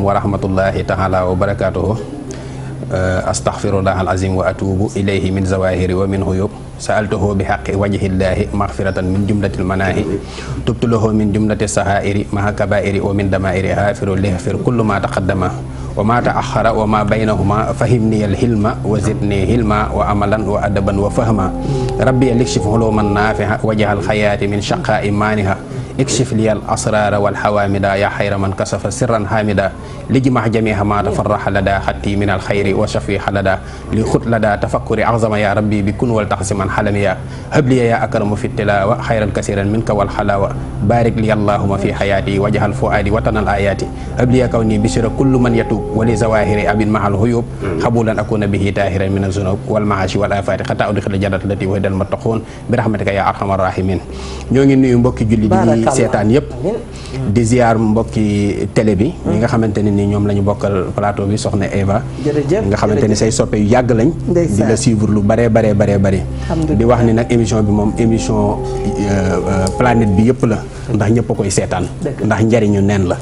ورحمة الله تعالى وبركاته أستغفر الله العظيم وأتوب إليه من زواهر ومن غيوب سألته بحق وجه الله مغفرة من جملة المناهي تبت له من جملة السهائر ما كبائر ومن دمائر هافر له كل ما تقدمه وما تأخر وما بينهما فهمني الهلم وزدني حلما وعملا وأدبا وفهما ربي لكشف علوما نافع وجه الخيات من شقاء إيمانها اكشف لي الأسرار والحوامد يا خير من كشف سرا حامدا لجمع جميع ما تفرح لدى حتي من الخير وشفي حلدا لخط لدى تفكر أعظم يا ربي بكن والتحسما حلميا هب لي يا أكرم في التلاوة خيرا كثيرا منك والحلاوة بارك لي اللهم في حياتي وجه فؤادي وطن الآيات هب لي كوني بشر كل من يتوب ولزواهر ابي مع الهيوب قبولا أكون به طاهرا من الذنوب والمعاصي والآفات حتى أدخل الجنة التي وهد المتقون برحمتك يا أرحم الراحمين ñoo نيو nuyu جولي دي seetaan yëpp di ziar mbokki télé bi ñi nga xamante ne ni ñoom la ñu bokkal plateau bi soxna Eva nga xamante ni say soppe yu yàgg lañ di la suivre lu bare bare bare bare di wax ni nag émission bi moom émission euh, euh, planète bi yëpp la ndax ñëpp a koy seetaan ndax njariñu neen la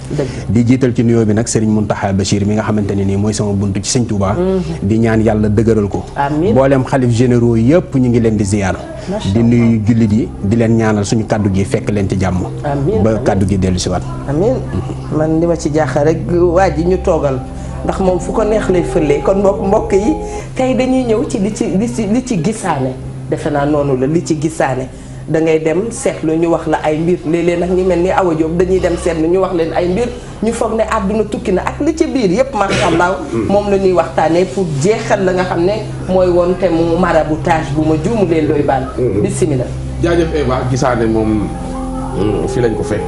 di jiital ci nuyoo bi nag Serigne Mountakha Bachir mi nga xamante ne nii mooy sama bunt ci Serigne Touba mhm. di ñaan yàlla dëgëral ko mboolem xalif généraux yëpp ñu ngi leen di ziar di nuyu jullit yi di amiin ba kàddu gi dellu si waat. amiin man li ma ci jaaxal rek waa ji ñu toogal ndax moom fu ko neex lay fëlee kon mbokk mbokk yi tey dañuy ñëw ci li ci li ci li ci gisaane defe naa noonu la li ci gisaane. da ngay dem seetlu ñu wax la ay mbir léeg nag ñu mel ni Awa dañuy dem seetlu ñu wax leen ay mbir ñu foog ne àdduna tukki na ak li ci biir yépp macha allah. Mm. moom la ñuy waxtaanee pour jeexal la nga xam ne mooy woon te mu maraboutage bu ma juumu leen looy baal. Mm-hmm. bisimilah. jaajëf Eva gisaane moom fii lañ ko fekk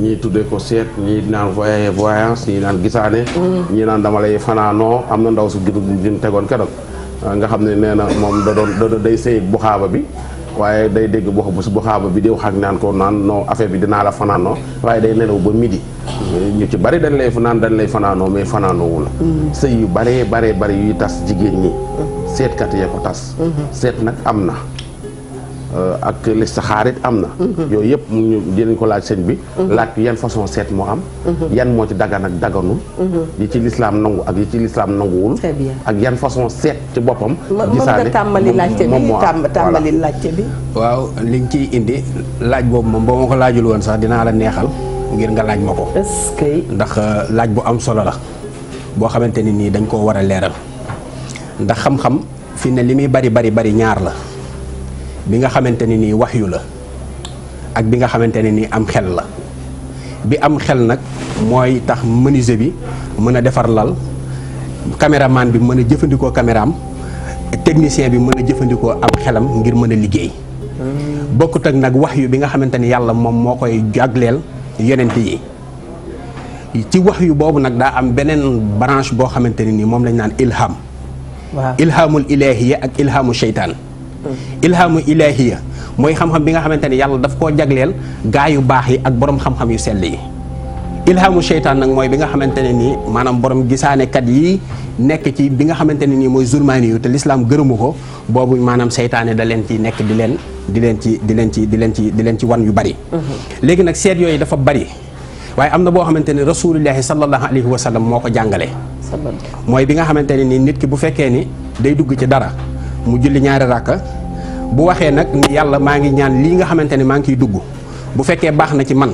ñii tuddee ko seet ñii naan voye voyance ñii naan gisaane mm. ñii naan dama lay fanaanoo am na ndaw su gi din tegoon keroog ah, nga xam ne nee na moom da doon day sëy bu xaaba bi waaye day dégg bu bu xaaba bi di wax naan ko naan non affaire bi dinaa la fanaanoo waaye day nelaw ba midi ñu ci bari dañ lay naan dañ lay fanaanoo mais fanaanoowu la mm. sëy yu baree baree bari yuy tas jigéen ñi mm. seetkat yee ko tas mm-hmm. seet nag am na Euh, ak les saharit yo mhm. yoy yep ñu dinañ ko laaj señ bi mhm. laaj yan façon set mo am mhm. yan mo ci dagan ak daganul yi ci l'islam nangu ak yi ci agian nanguwul ak yan façon set ci boppam gisaane tàmbali linki bi laaj laajte bi waaw liñ ci indi laaj boobu mom boo ko laajul won sax dina la neexal ngir nga laaj mako ndax euh, laaj bu am solo la bo xamanteni ni dañ ko wara leral ndax xam-xam fi ne limi bari bari bari ñaar la bi nga xamante ne nii yu la ak bi nga xamante ne nii am xel la bi am xel nag mooy tax menuisier bi mën a defar lal caméraman bi mën a jëfandikoo caméraam technicien bi mën a jëfandikoo am xelam ngir mën a liggéey hmm. bokkut ak nag wax yu bi nga xamante ni yàlla moom moo koy jagleel yonent yi ci wax yu boobu nag daa am beneen branche boo xamante ne nii moom lañ naan ilham ilhamul ilaahiya ak ilhamu seytaan ilhamu ilahiya mooy xam-xam bi nga xamante ni yàlla daf koo jagleel gaa yu baax yi ak borom xam-xam yu sell yi ilhamu seytaan nag mooy bi nga xamante ne nii maanaam borom kat yi nekk ci bi nga xamante ne nii mooy zulmaani yu te lislaam ko boobu maanaam seytaane da leen ci nekk di leen di leen ci di leen ci di leen ci di leen ci wan yu bari mm-hmm. léegi nag seet yooyu dafa bari waaye am na boo xamante ne rasulullahi sallallahu alayhi wa sallam moo ko jàngale mooy bi nga xamante ne nii nit ki bu fekkee ni day dugg ci dara mu julli ñaari ràkka bu waxee nag ni yàlla maa ngi ñaan lii nga xamante ne maa ngi ciy dugg bu fekkee baax na ci man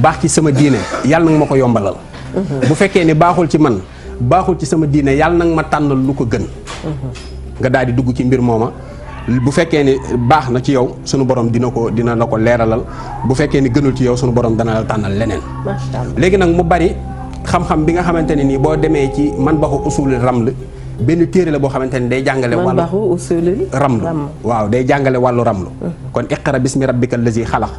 baax ci sama diine yàlla nag ma ko yombalal mhm. bu fekkee ni baaxul ci man baaxul ci sama diine yàlla nag ma tànnal lu ko gën mhm. nga daal di dugg ci mbir mooma bu fekkee ni baax na ci yow sunu borom dina ko dina na ko leeralal bu fekkee ni gënul ci yow sunu borom dana la tànnal leneen léegi nag mu bari xam-xam bi nga xamante ne nii boo demee ci man baxu usulul raml ben téré la bo xamanteni day jàngale wàllu ram waaw day jàngale ram lo kon iqra bismi rabbikal allazi khalaq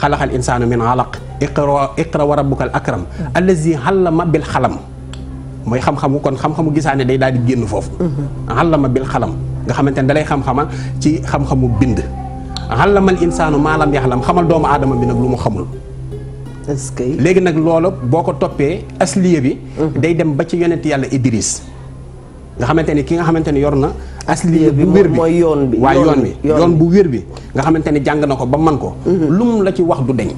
khalaqal insana min alaq iqra iqra wa rabbukal akram allazi allama bil khalam moy xam-xamu kon xam-xamu gisane day daal di génn fofu allama bil khalam nga xamanteni dalay xam xama ci xam-xamu bind allamal insaanu ma lam yahlam xamal doomu adama bi nak lu mu xamul léegi nag loolu boo ko asliya bi day dem ba ci yonent yàlla Idris nga xamanteni ki nga xamanteni yorna yor bi asliya bu wér bi mooy yoon bi wa yon bi yon bu wir bi nga xamanteni jang nako ko ba man ko mhm. lum la ci wax du deñ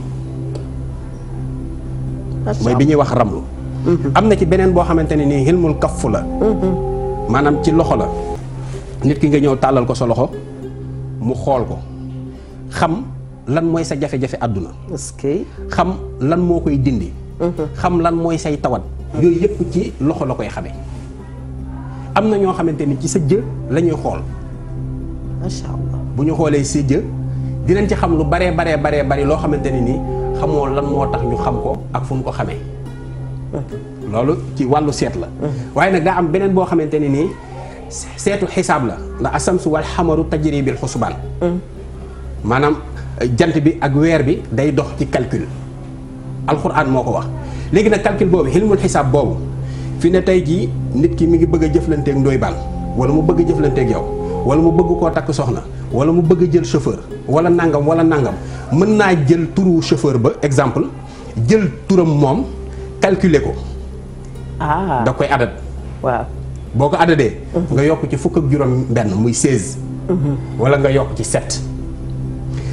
may bi wax ramlu mhm. am na ci benen bo xamanteni ni hilmul kaff la manam mhm. ci loxo la nit ki nga ñew talal ko so loxo mu xol ko xam lan moy sa jafé aduna àdduna xam lan mo koy dindi xam lan moy say tawat yoy yep ci loxo la koy xamé am na ñoo xamante ni ci sa jë la xool. macha bu ñu xoolee sa jë dinañ ci xam lu baree baree baree bari loo xamante ne ni xamoo lan moo tax ñu xam ko ak fu ñu ko xamee. loolu ci wàllu seet la. waaye nag daa am beneen boo xamante ni nii seetu xisaab la ndax asamsu wal xamaru tajri xusbaan. maanaam jant bi ak weer bi day dox ci calcul. alxuraan moo ko wax léegi nag calcul boobu xilmul xisaab boobu. fi ne tey jii nit ki mi ngi bëgg a jëflanteeg ndoy baan wala mu bëgg a jëflanteeg yow wala mu bëgg koo takk soxna wala mu bëgg jël chauffeur wala nangam wala nangam mën naa jël turu chauffeur ba exemple jël turam moom calculer ko. ah da koy adat. waaw boo ko adatee. Mhm. nga yokk ci fukk ak juróom benn muy 16. Mhm. wala nga yokk ci 7.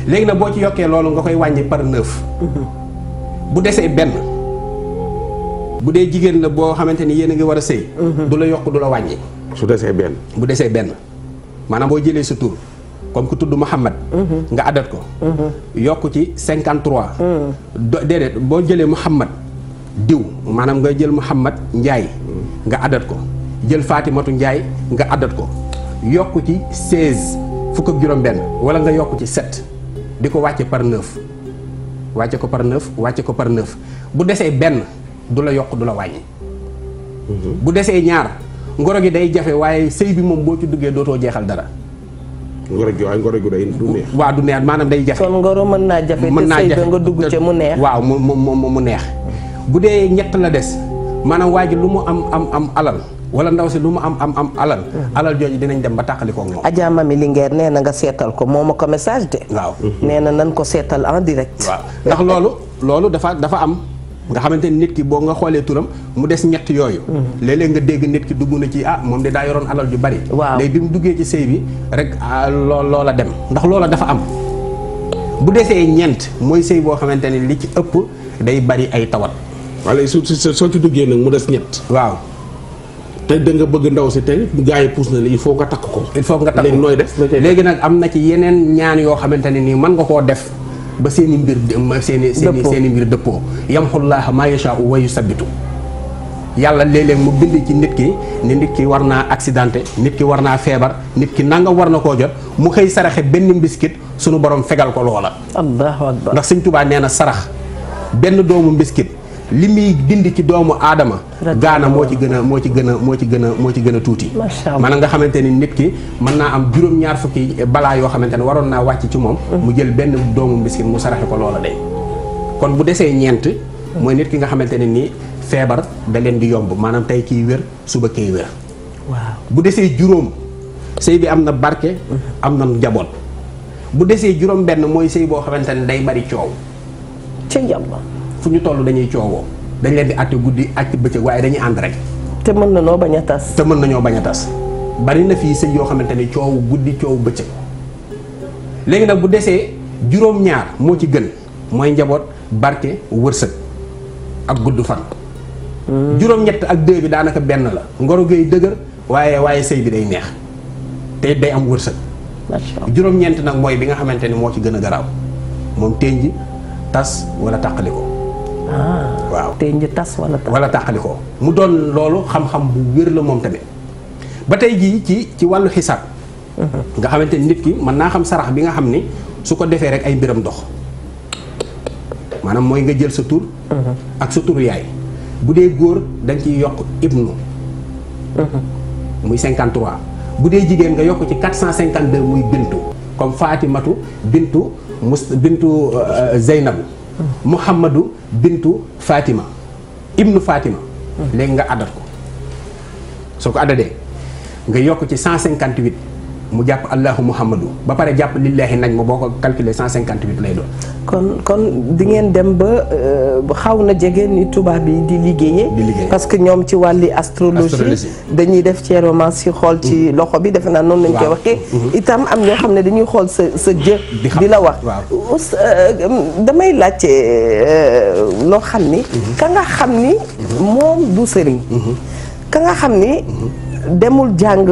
léegi nag boo ci yokkee loolu nga koy wàññi par 9. Mhm. bu desee benn. bu dee jigéen la boo xamante ni yéen a ngi war a sëy mhm. du la yokk du la wàññi su desee benn bu desee benn maanaam boo jëlee sa tur comme ku tudd Mouhamad mhm. nga adat ko mhm. yokk ci cinquante trois boo jëlee Mouhamad diw maanaam nga jël Mouhamad Ndiaye nga adat ko jël Fatimatu Ndiaye nga adat ko yokk ci seize fukk ak juróom benn wala nga yokk ci sept di ko wàcce par neuf wàcce ko par neuf wàcce ko par neuf bu desee benn dula yok dula du la wàññi mhm. bu déssé ñaar ngoro gi day jafe wai, sey bi mom bo ci duggé doto jéxal dara ngoro gi way ngoro gi day du neex wa du neex manam day jafe kon ngoro mën na jafe té sey jafe nga dugg ci mu neex waaw mu mu mu neex bu dé ñett la manam waji lu mu am am am alal wala ndaw ci lu mu am am am alal mhm. alal joji dinañ dem ba ko ngom Adja Mami li nee neena nga sétal ko moma ko message de waaw neena nan ko sétal en direct ndax lolu lolu dafa dafa am nga xamante ni nit ki boo nga xoolee turam mu des ñett yooyu mhm. léeg-léeg nga dégg nit ki dugg na ci ah moom de daa yoroon alal ju bari léegi bi mu duggee ci bi rek ah, lool loola dem ndax loola dafa am bu desee ñeent mooy sëy boo xamante ni li ci ëpp day bari ay tawat wala su soo ci duggee nag mu des ñett waaw te da nga bëgg ndaw si tey gars yi pousse na la il faut nga ko il faut nga takk léegi nooy léegi nag am na ci yeneen ñaan yoo xamante ne nii mën nga koo def ba seen i mbir seen i seen i seen i mbir dëppoo yamxullaaha maa yashaa'u wa yusabbitu yàlla léeg-léeg mu bind ci nit ki ne nit ki war naa accidenté nit ki war naa feebar nit ki nangam war na koo jot mu xëy saraxe benn mbiskit suñu borom fegal ko loola. allahu ndax sëñ Tuubaa nee na sarax benn doomu mbiskit li muy dindi ci doomu aadama gaana moo ci gën a moo ci gën a moo ci gën a moo ci gën a tuuti maanaam nga xamante ni nit ki mën naa am juróom-ñaar fukki balaa yoo xamante ne waroon naa wàcc ci moom mm-hmm. mu jël benn doomu miskin mu saraxe ko loola de kon bu desee ñeent mm-hmm. mooy nit ki nga xamante ne nii feebar da leen di yomb maanaam tey kiy wér suba kiy wér waaw bu desee juróom sëy bi am na barke mm-hmm. am na njaboot bu desee juróom benn mooy sëy boo xamante ne day bari coow ca yàlla fu ñu toll dañuy coowoo dañ leen di àtte guddi àtte bëccëg waaye dañuy ànd rek. te mën na ñoo bañ a tas. te mën na ñoo a tas bari na fii sëy yoo xamante ne coow guddi coow bëccëg léegi nag bu desee juróom-ñaar moo ci gën mooy njaboot barke wërsëg ak gudd fan. Hmm. juróom ak deux bi daanaka benn la ngoro gay dëgër waaye waaye sëy bi day neex te day am wërsëg. juróom-ñeent nag mooy bi nga xamante ne moo ci gën a garaaw moom tënj tas wala tàqali Ah. waaw te ñu tas wala. wala tàqali ko mu doon loolu xam-xam bu wér la moom tamit ba tey jii ci ci wàllu xisaab. Mhm. nga xamante ni nit ki mën naa xam sarax bi nga xam ni su ko defee rek ay mbiram dox maanaam mooy nga jël sa tur. Mhm. ak sa turu yaay bu dee góor dañ ciy yokk ibnu. Mhm. muy 53 bu dee jigéen nga yokk ci 452 muy bintu comme faati Fatimatu bintu mus bintu euh, Zeynabu Muhammadu bintu Fatima ibnu Fatima. Hmm. léegi nga addat ko soo ko addadee nga yokk ci 158. mu jàpp allahu muhammadu ba pare jàpp lillahi nañ ma boo ko calculer cent cinquante huit lay doon. kon kon di ngeen dem ba euh, xaw na jege ni tubaab yi di liggéeyee. parce que ñoom ci wàlli astrologie. dañuy def ci romance yi xool ci mm-hmm. loxo bi defe naa noonu lañ koy waxee. Mm-hmm. itam am ñoo xam ne dañuy xool sa sa jë. di la wax euh, damay laajte euh, loo xam ni. Mm-hmm. ka nga xam ni. moom du sëriñ. ka nga xam ni. demul jàng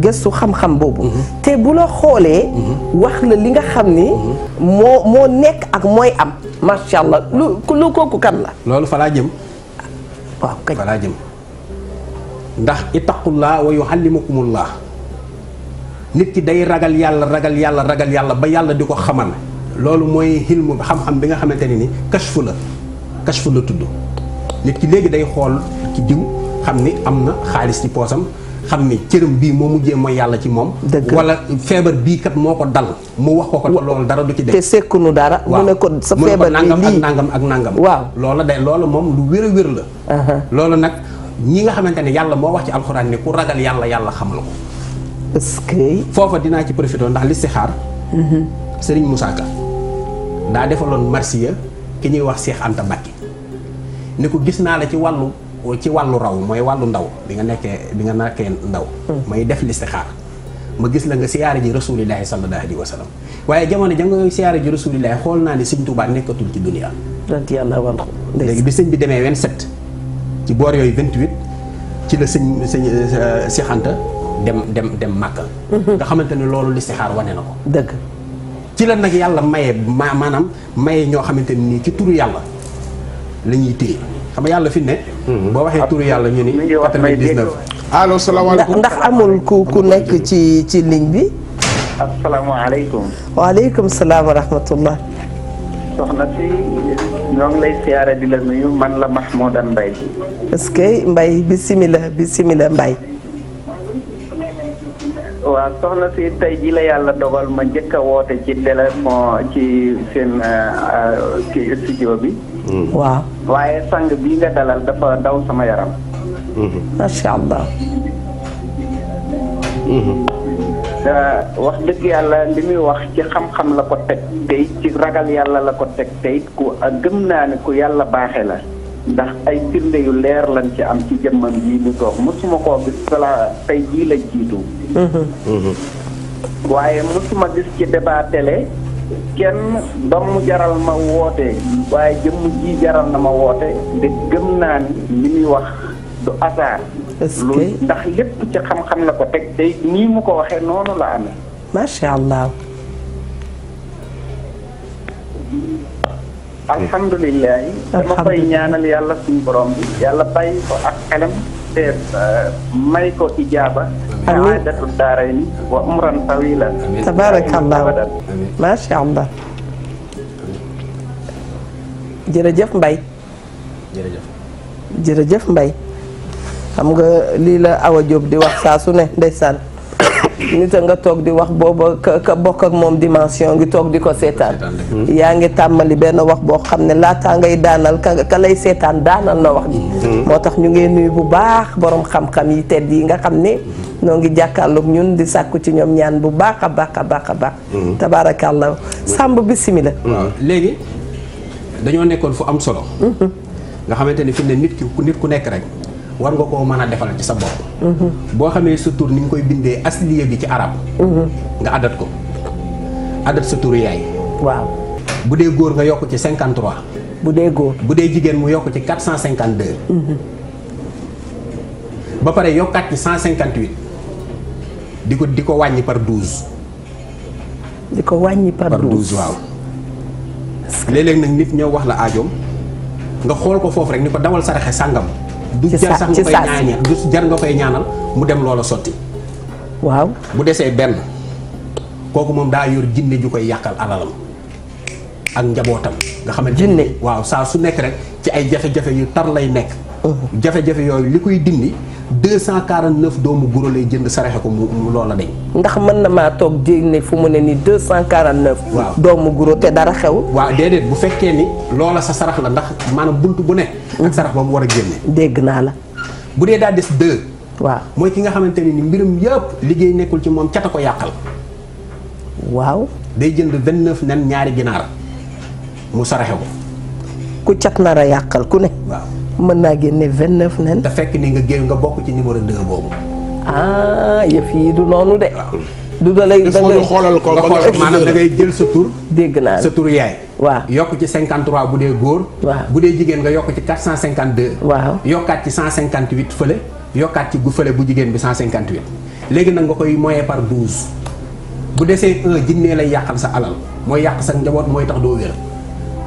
gëstu xam-xam boobu. Mhm. te bu la xoolee. Mhm. wax la li nga xam ni. Mhm. moo moo nekk ak mooy am. macha allah lu lu kooku kan la. loolu fa laa jëm. waaw kañ fa laa jëm. ndax ittaqullaa wa yuallimukumullaa nit ki day ragal yàlla ragal yàlla ragal yàlla ba yàlla di ko xamal loolu mooy xilmu xam-xam bi nga xamante ne ni kashfu la kashfu la tudd nit ki léegi day xool ci diw xam ni am na xaalis ci poosam xam ni cëram bii moo mujjee mooy yàlla ci moom walla feebar bii kat moo ko dal mu wax ko ko loolu dara du ci def te sekkunu dara mu ne ko sa feebar bi nangam ak nangam ak nangam loola day loola moom lu wér a wér la loolu nag ñi nga xamante ne yàlla moo wax ci alxuraan ni ku ragal yàlla yàlla xam la ko est-ce que foofa dinaa ci profité ndax listixaar mhm. Serigne Moussa Ka daa defaloon marsiya ki ñuy wax Cheikh Anta Mbacké ni ko gis naa la ci wàllu ci wàllu raw mooy wàllu ndaw bi nga nekkee bi nga nekkee ndaw hmm. may def listixaar ma gis la nga siyaare ji rasulillahi sallallahu alayhi wa sallam waaye jamono ja nga siyaare ji rasulillahi xool naa ne sëñ Tuubaa nekkatul ci dunia yàlla wan léegi bi sëñ bi demee 27 ci boor yooyu 28 ci la sëñ sëñ sixanta euh, dem dem dem màkka hmm. nga xamante ne loolu listixaar wane na ko dëgg ci la nag yàlla maye ma maanaam maye ñoo xamante ne nii ci turu yàlla la ñuy téye xam yàlla fi ne hmm. bo waxe turu yàlla ñu ni 99 allo alaykum ndax amul ku ku nek ci ci ligne bi wa alaykum salaam wa rahmatullah soxna ci ñong lay siara di la nuyu man la Mahmouda Mbaye est-ce que bismillah, bismillah bisimila Mbaye waaw soxna ci tay ji la yàlla dogal ma jëkka wote ci téléphone ci euh, euh, ki studio bi Mm-hmm. waaw. waaye sang bii nga dalal dafa daw sama yaram. Mm-hmm. macha allah. Mm-hmm. Uh, wax dëgg yàlla li muy wax ci xam-xam la ko teg tey ci ragal yàlla la ko teg tey ku uh, gëm naa ne ku yàlla baaxe la ndax ay firnde yu leer lañ ci am ci jëmmam yi ñu toog mosuma koo gis sala tey jii la jiitu. waaye mosuma gis ci débat kenn ba mu jaral ma woote waaye jëmm ji jaral na ma woote te gëm naa ni wax du hasard lu ndax lépp ci xam-xam la ko teg tey nii mu ko waxee noonu la amee macha allah alhamdulilah dama koy ñaanal yàlla suñu borom bi yàlla bàyyi ko ak xelam seet euh, may ko ijaaba saadatu daarayni wa umran tawila tabarakallah masha allah jërëjëf mbay jërëjëf jërëjëf mbay xam nga lii la Awa Diop di wax ne ndeysaan nit a nga toog di wax booba ka bokk ak moom dimension ngi toog di ko seetaan hmm. yaa ngi tàmmali benn wax boo xam ne laataa ngay daanal ka ka lay seetaan daanal na wax ji hmm. moo tax ñu ngee nuyu bu baax boroom xam-xam yi tedd yi nga xam ne ñoo hmm. ngi jàkkaarloog ñun di sàkku ci ñoom ñaan bu baax a baax a baax a baax tabaarakàllah sàmb bisimila waaw léegi dañoo nekkoon fu am solo nga xamante ni fi ne nit ki nit ku nekk rek war nga ko meuna defal ci sa bop mhm. bo xamé sa tour ni nga koy bindee asliya bi ci arab. Mhm. nga adat ko adat sa tour yaay. waaw budé dee nga yok ci 53. budé dee budé jigen mu yok ci 452. Mhm. ba pare yokkaat ci 158 diko diko wañi par 12. diko wañi par 12 waaw. lélé nak nit ñoo wax la aajoom nga xol ko fofu rek ni ko dawal saraxe sangam du jar sax nga koy ñaanal du nga koy ñaanal mu dem loola sotti. waaw bu desee benn kooku moom daa yor jinne ju koy yàqal alalam ak njabootam. nga xamante jinne waaw saa su nekk rek ci ay jafe-jafe yu tar lay nekk. Uh-huh. jafe-jafe yooyu li koy dindi. 249 doomu guro lay jënd saraxe ko mu mu loola dañ. ndax mën na maa toog dégg ne fu mu ne nii 249. waaw doomu guro te dara xew. waaw déedéet bu fekkee ni loola sa sarax la ndax maanaam bunt bu ne. ak mm. sarax ba mu war a génne. dégg naa la. bu dee daa des deux. waaw mooy ki nga xamante ne ni mbirum yëpp liggéey nekkul ci moom cata ko yàqal. waaw. day jënd 29 nen ñaari ginaar mu saraxe ko. ku cat nar yàqal ku ne. mën naa génne vingt neuf nen. te fekk ni nga génn nga bokk ci numéro deux boobu. ah yëf yi du noonu de. du dalay da ngay xoolal ko ba nga maanaam da ngay jël sa tur. dégg naa sa tur yaay. waa yokk ci 53 bu dee góor. waaw bu dee jigéen nga yokk ci 452. waaw yokkaat ci 158 fële. yokkaat ci gu fële bu jigéen bi 158. léegi nag nga koy moyen par 12. bu desee 1 jinnee lay yàqal sa alal mooy yàq sa njaboot mooy tax doo wér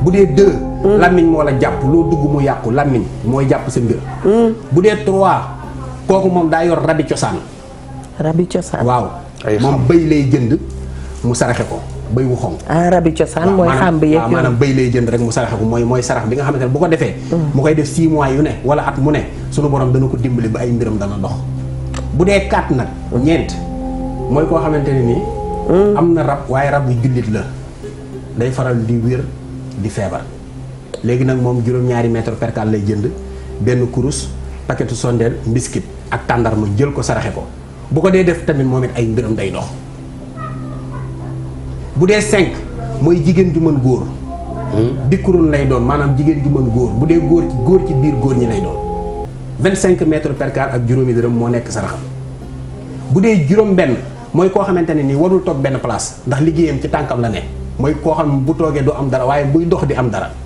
bu dee 2. Hmm. lamine mo la japp lo dugg mo yàqu lamine moy japp sa mbir hmm budé 3 koku mom da yor rabbi cosaan rabbi cosaan waaw mom bay lay jënd mu saraxé ko bay wu xonk ah rabbi cosaan moy xam bi yeeg manam bay lay jënd rek mu saraxé ko moy moy sarax bi nga xamante bu ko défé hmm. mu koy def 6 mois yu né wala at mu né suñu borom dana ko dimbali ba ay mbiram dana dox budé 4 nak ñent moy ko koo ni hmm. amna rab waye rab yu jullit la day faral di wir di febar léegi nag moom juróom-ñaari mètre percale lay jënd benn kurus paquetu sondeel mbiskit ak tàndarma jël ko saraxe ko bu ko dee def tamit moom it ay mbiram day dox bu dee cinq mooy jigéen ju mën góor hmm? bikkurun lay doon maanaam jigéen ju mën góor bu dee góor ci góor ci biir góor ñi lay doon vingt cinq mètre percale ak juróomi dërëm moo nekk saraxam bu dee juróom benn mooy koo xamante ne ni warul toog benn place ndax liggéeyam ci tànkam la ne mooy koo xam bu toogee du am dara waaye buy dox di am dara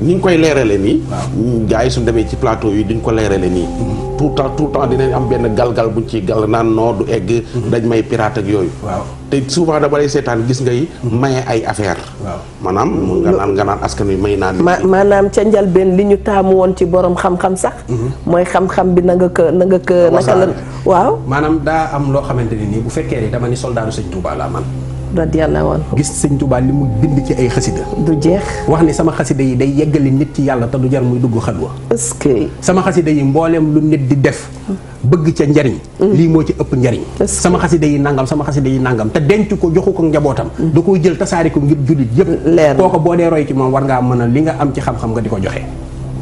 ni koy leerale nii. waaw gars yi suñu demee ci plateau yi duñ ko leerale nii. tout le temps tout le temps dinañ am benn galgal buñ ci gal naan noo du egg. dañ may pirate ak yooyu. waaw te souvent dama lay seetaan gis ngay. Hmm. maye ay affaire waaw maanaam nga naan nga naan askan wi may naan. maanaam ca njalbeen li ñu taamu woon ci borom xam-xam sax. Hmm. mooy xam-xam bi na nga ko na nga ko naka la. waaw maanaam daa am loo xamante ne nii bu fekkee ni dama ni soldaatu sëñ Touba laa man. radiyallahu anhu gis sëñ Touba li mu bind ci ay xasida du jeex wax ni sama xasida yi day yeggali nit ci yàlla te du jar muy dugg xalwa est-ce que sama xasida yi mbooleem lu nit di def bëgg ca njariñ mm. lii moo ci ëpp njariñ sama xasida yi nangam sama xasida yi nangam te denc ko joxu ko njabootam mm. da koo jël tasaari ko ngir jullit yëpp kooko boo dee roy ci moom war ngaa mën a li nga am ci xam-xam nga di ko joxe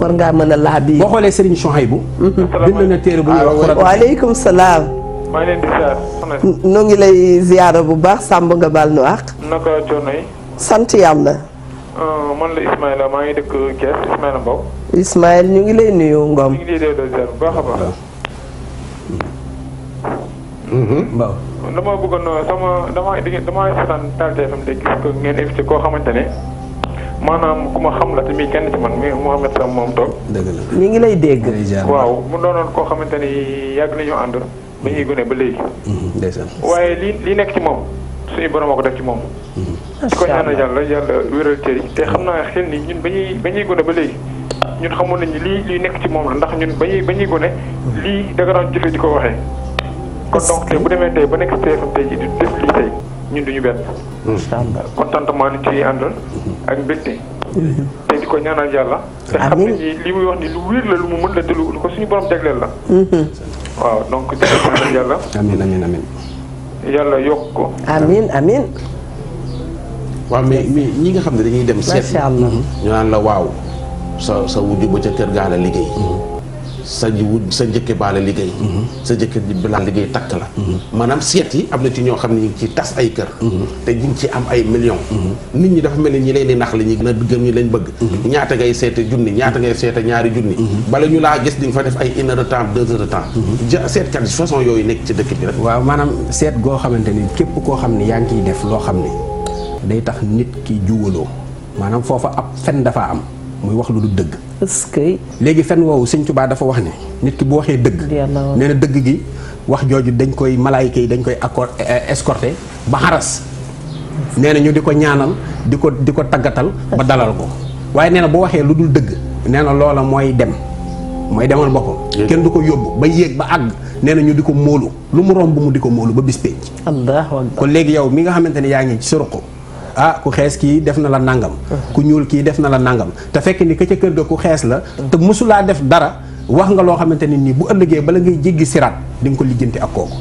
war ngaa mën a laa bi boo xoolee Serigne Souhaïbou mm-hmm. bind na téere maa ngi leen di ngi lay ziara bu baax sàmb nga baal nu àq. naka coono yi. sant yàlla. Euh, man la Ismaïla maa ngi dëkk Thiès Ismaïla Mbow. Ismaël ñu ngi lay nuyu Ngom. ñu ngi lay delloo ziar bu baax a baax. waaw. Mm-hmm. dama bëggoon sama damaa damaa seetaan de gis ko ngeen invité koo xamante ne maanaam ku ma xam la tamit muy kenn ci man mi Mouhamed Sam moom toog. dëgg la ngi lay dégg. waaw mu doonoon koo xamante ni yàgg nañoo ànd. ba ñuy gone ba léegi. Mhm, ndeysaan waaye li li nekk ci moom suñu borom ko def ci moom. Mhm. macha ko ñaanal yàlla yàlla wéral cër yi te xam naa xel ni ñun ba ñuy ba ñuy gone ba léegi. ñun xamoon nañu lii lii nekk ci moom la ndax ñun ba ñuy ba ñuy gone lii danga daan di ko waxee. kon donc bu demee tey ba nekk ci TFM tey ji di def lii tey ñun duñu bett. macha contentement li ciy àndal mhm. ak mbégte. te di ko ñaanal yàlla. te xam nañ ni li muy wax ni lu wér la lu mu mën la te lu ko suñu borom jagleel la. waaw donc di la ñaanal yàlla. amiin amiin amiin. yàlla yokk ko. amiin amiin. waaw mais nga xam ne dañuy dem. seet ñu naan la waaw sa sa wujju ba ca kër gaala liggéey. Mm-hmm. sa wut sa njëkke baale liggéey mhm. sa njëkke bilaa liggéey takk la mhm. maanaam seet yi am na ci ñoo xam ne ñu ngi ci tas ay kër mhm. te ñu ngi ci am ay millions nit ñi dafa mel ni ñi leen di nax la ñu gën a gëm ñi lañ bëgg ñaata ngay seete junni ñaata ngay seete ñaari junni bala ñu laa gis di nga fa def ay une heure de temps deux heures temps seetkat yi façon yooyu nekk ci dëkk bi rek waaw maanaam seet goo xamante ni képp koo xam ne yaa ngi ciy def loo xam ne day tax nit ki juwaloo maanaam foofa ab fen dafa am muy wax lu du dëgg est léegi fen woowu sëñ Tuubaa dafa wax ni nit ki bu waxee dëgg. nee na dëgg gi wax jooju dañ koy malaayika yi dañ koy accord e- e- escorté ba xaras. nee na ñu di ko ñaanal di ko di ko taggatal ba dalal ko waaye nee na bu waxee lu dul dëgg nee na loola mooy dem mooy demal boppam. kenn du ko yóbbu ba yéeg ba àgg nee na ñu di ko móolu lu mu romb mu di ko móolu ba bis pénc. kon léegi yow mi nga xamante ne yaa ngi ci sa ah ku xees kii def na la nangam. ku ñuul kii def na la nangam te fekk ni ka ca kër ga ku xees la. te mosulaa def dara wax nga loo xamante ne nii bu ëllëgee bala ngay jéggi siraat di nga ko lijjanti ak kooku.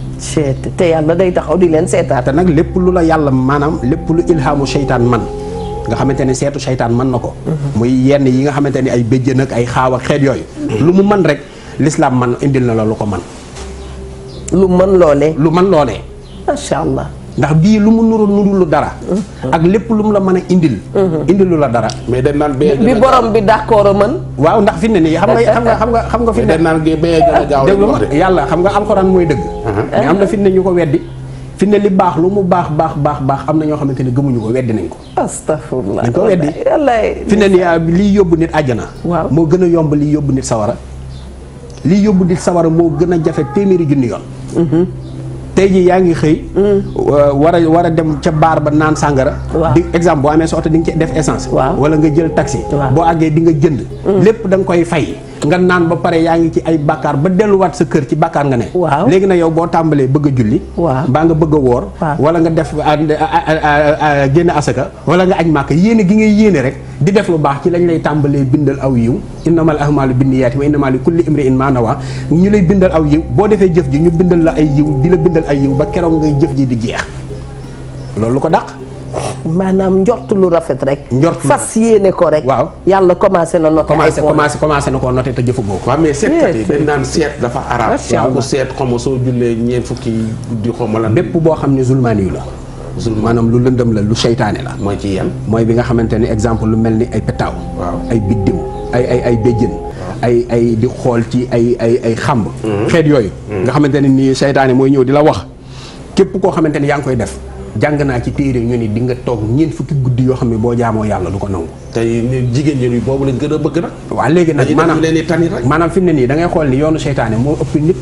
te yàlla day taxaw di leen seetaat. te nag lépp lu la yàlla maanaam lépp lu ilhaamu seytaan man. nga xamante ne seetu seytaan mën na ko. muy yenn yi nga xamante ne ay béjjën ak ay xaaw ak xeet yooyu. lu mu mën rek lislaam man indil na la lu ko man lu mën loolee. lu mën loolee. macha allah. ndax bii lu mu nuru nuru lu dara. Mm-hmm. ak lépp lu mu la mën a indil. Mm-hmm. indilu la dara. mais dañ naan bee bi borom bi d'accord man. waaw ndax fi ne nii xam nga xam nga xam nga xam nga fi ne. dañ naan a gaaw xam nga alxuraan mooy dëgg. Uh-huh. mais am na fi ne ñu ko weddi. fi li baax lu mu baax baax baax baax am na ñoo xamante ne gëmuñu ko weddi nañ ko. astafurlah dañ ko weddi fi ne nii liy yóbbu nit àjjana. waaw moo gën a yomb liy yóbbu nit sawara. liy yóbbu nit sawara moo gën a jafe téeméeri junni yoon mm-hmm. tey jii yaa ngi xëy. Mm. war a war a dem ca baar ba naan sàngara. di exemple boo amee sa oto di nga ci def essence. wala nga jël taxi. boo àggee di nga jënd. Mm. lépp danga koy fay. nga naan ba pare yaa ngi ci ay bàkkaar ba delluwaat sa kër ci bàkkaar nga ne waaw léegi na yow boo tàmbalee bëgg a julli waaw mbaa nga bëgg a woor wala nga def ah, ah, ah, génn asaka wala nga aj màkk yéene gi ngay yéene rek di def lu baax ci lañ lay tàmbalee bindal aw yiw innamal ahmaalu binniyaati wa innamaa li kulli imri'in maa nawaa ñu lay bindal aw yiw boo defee jëf ji ñu bindal la ay yiw di la bindal ay yiw ba keroog ngay jëf ji di jeex loolu ko dàq maanaam njort lu rafet rek. njort fas yéene ko rek. waaw yàlla commencé na noté. ay commencé commencé na koo noté te jëfagoo ko. waaw mais seetkat yi dañ naan seet dafa araam. macha allah seet xaw ma soo jullee ñee fukki guddi xaw ma lan. bépp boo xam ne zulmaan yu la. maanaam lu lëndëm la lu seytaane la. mooy ci yan mooy bi nga xamante ne exemple lu mel ni ay petaaw. waaw ay biddiw ay ay ay béjjën. ay ay di xool ci ay ay ay xamb. Mm-hmm. xeet yooyu. Mm-hmm. nga xamante ne nii seytaane mooy ñëw di la wax képp koo xamante ni yaa ngi koy def. jàng naa ci téere ñu ne di nga toog ñeent fukki guddi yoo xam ne boo jaamoo yàlla du ko nangu tey jigéen ñi boobu lañ gën a bëgg nag waaw léegi nag maanaam maanaam fi mu ne nii da xool ni yoonu seytaane moo ëpp ñëpp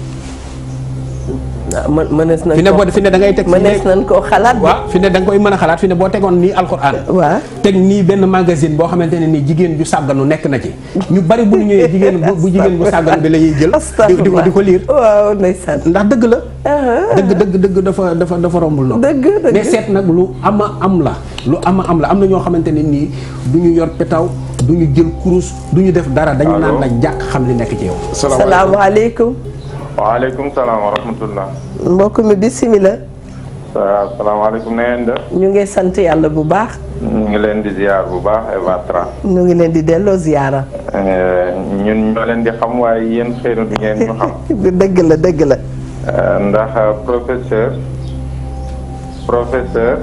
mënees nañ ko fi ne boo fi ne da ngay teg mënees nañ koo xalaat. waaw fi ne da koy mën a xalaat fi ne boo tegoon nii alxuraan. waaw teg nii benn magazine boo xamante ne nii jigéen ju sàgganu nekk na ci. ñu bari bu ñu ñëwee jigéen bu jigéen bu sàgganu bi la ñuy jël. di ko di ko liir. waaw ndax dëgg la. Uh-huh. dëgg dëgg dëgg dafa dafa dafa rombul noonu. dëgg dëgg mais seet nag lu ama am la. lu ama am la am na ñoo xamante ne nii du ñu yor petaw du ñu jël kurus du ñu def dara dañu naan la jàkk xam li nekk ci yow. waaleykum salaam wa rahmatullah. mbokk mi bisimilah. waaw salaamaaleykum na ngeen def. ñu ngi sant yàlla bu baax. ñu ngi leen di ziar bu baax Eva ñu ngi leen di delloo ziara. Eh, ñun ñoo leen di xam waaye yéen xëy na du ngeen ñu xam. dëgg la dëgg la. Eh, ndax eh, professeur professeur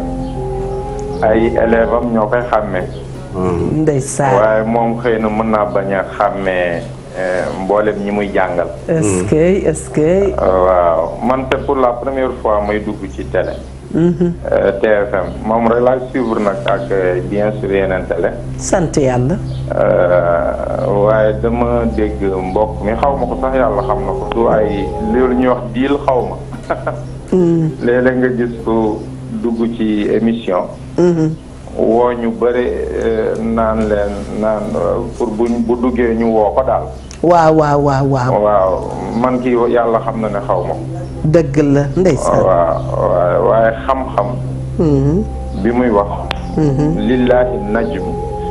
ay élèves am ñoo koy xàmmee. Hmm. ndeysaan waaye moom xëy na mën naa bañ a xàmmee. Eh, mbooleem ñi muy jàngal. est-ce que est euh, waaw man te pour la première fois mooy dugg ci télé. TFM mhm. euh, moom rek laa suivre nag ak euh, bien sûr yeneen télé. sant yàlla. waaye dama dégg mbokk mi xaw ma ko sax yàlla xam na ko du ay loolu ñuy wax diil xaw ma. Mhm. léeg nga gis ko dugg ci émission. Mhm. woo ñu bari euh, naan leen naan euh, pour buñ bu duggee ñu woo ko daal. waaw waaw waaw waaw. waaw man kii yàlla xam na ne xaw ma. dëgg la ndeysaan. waaw waaye xam-xam. Mm-hmm. bi muy wax. Mm-hmm. lillaahi najm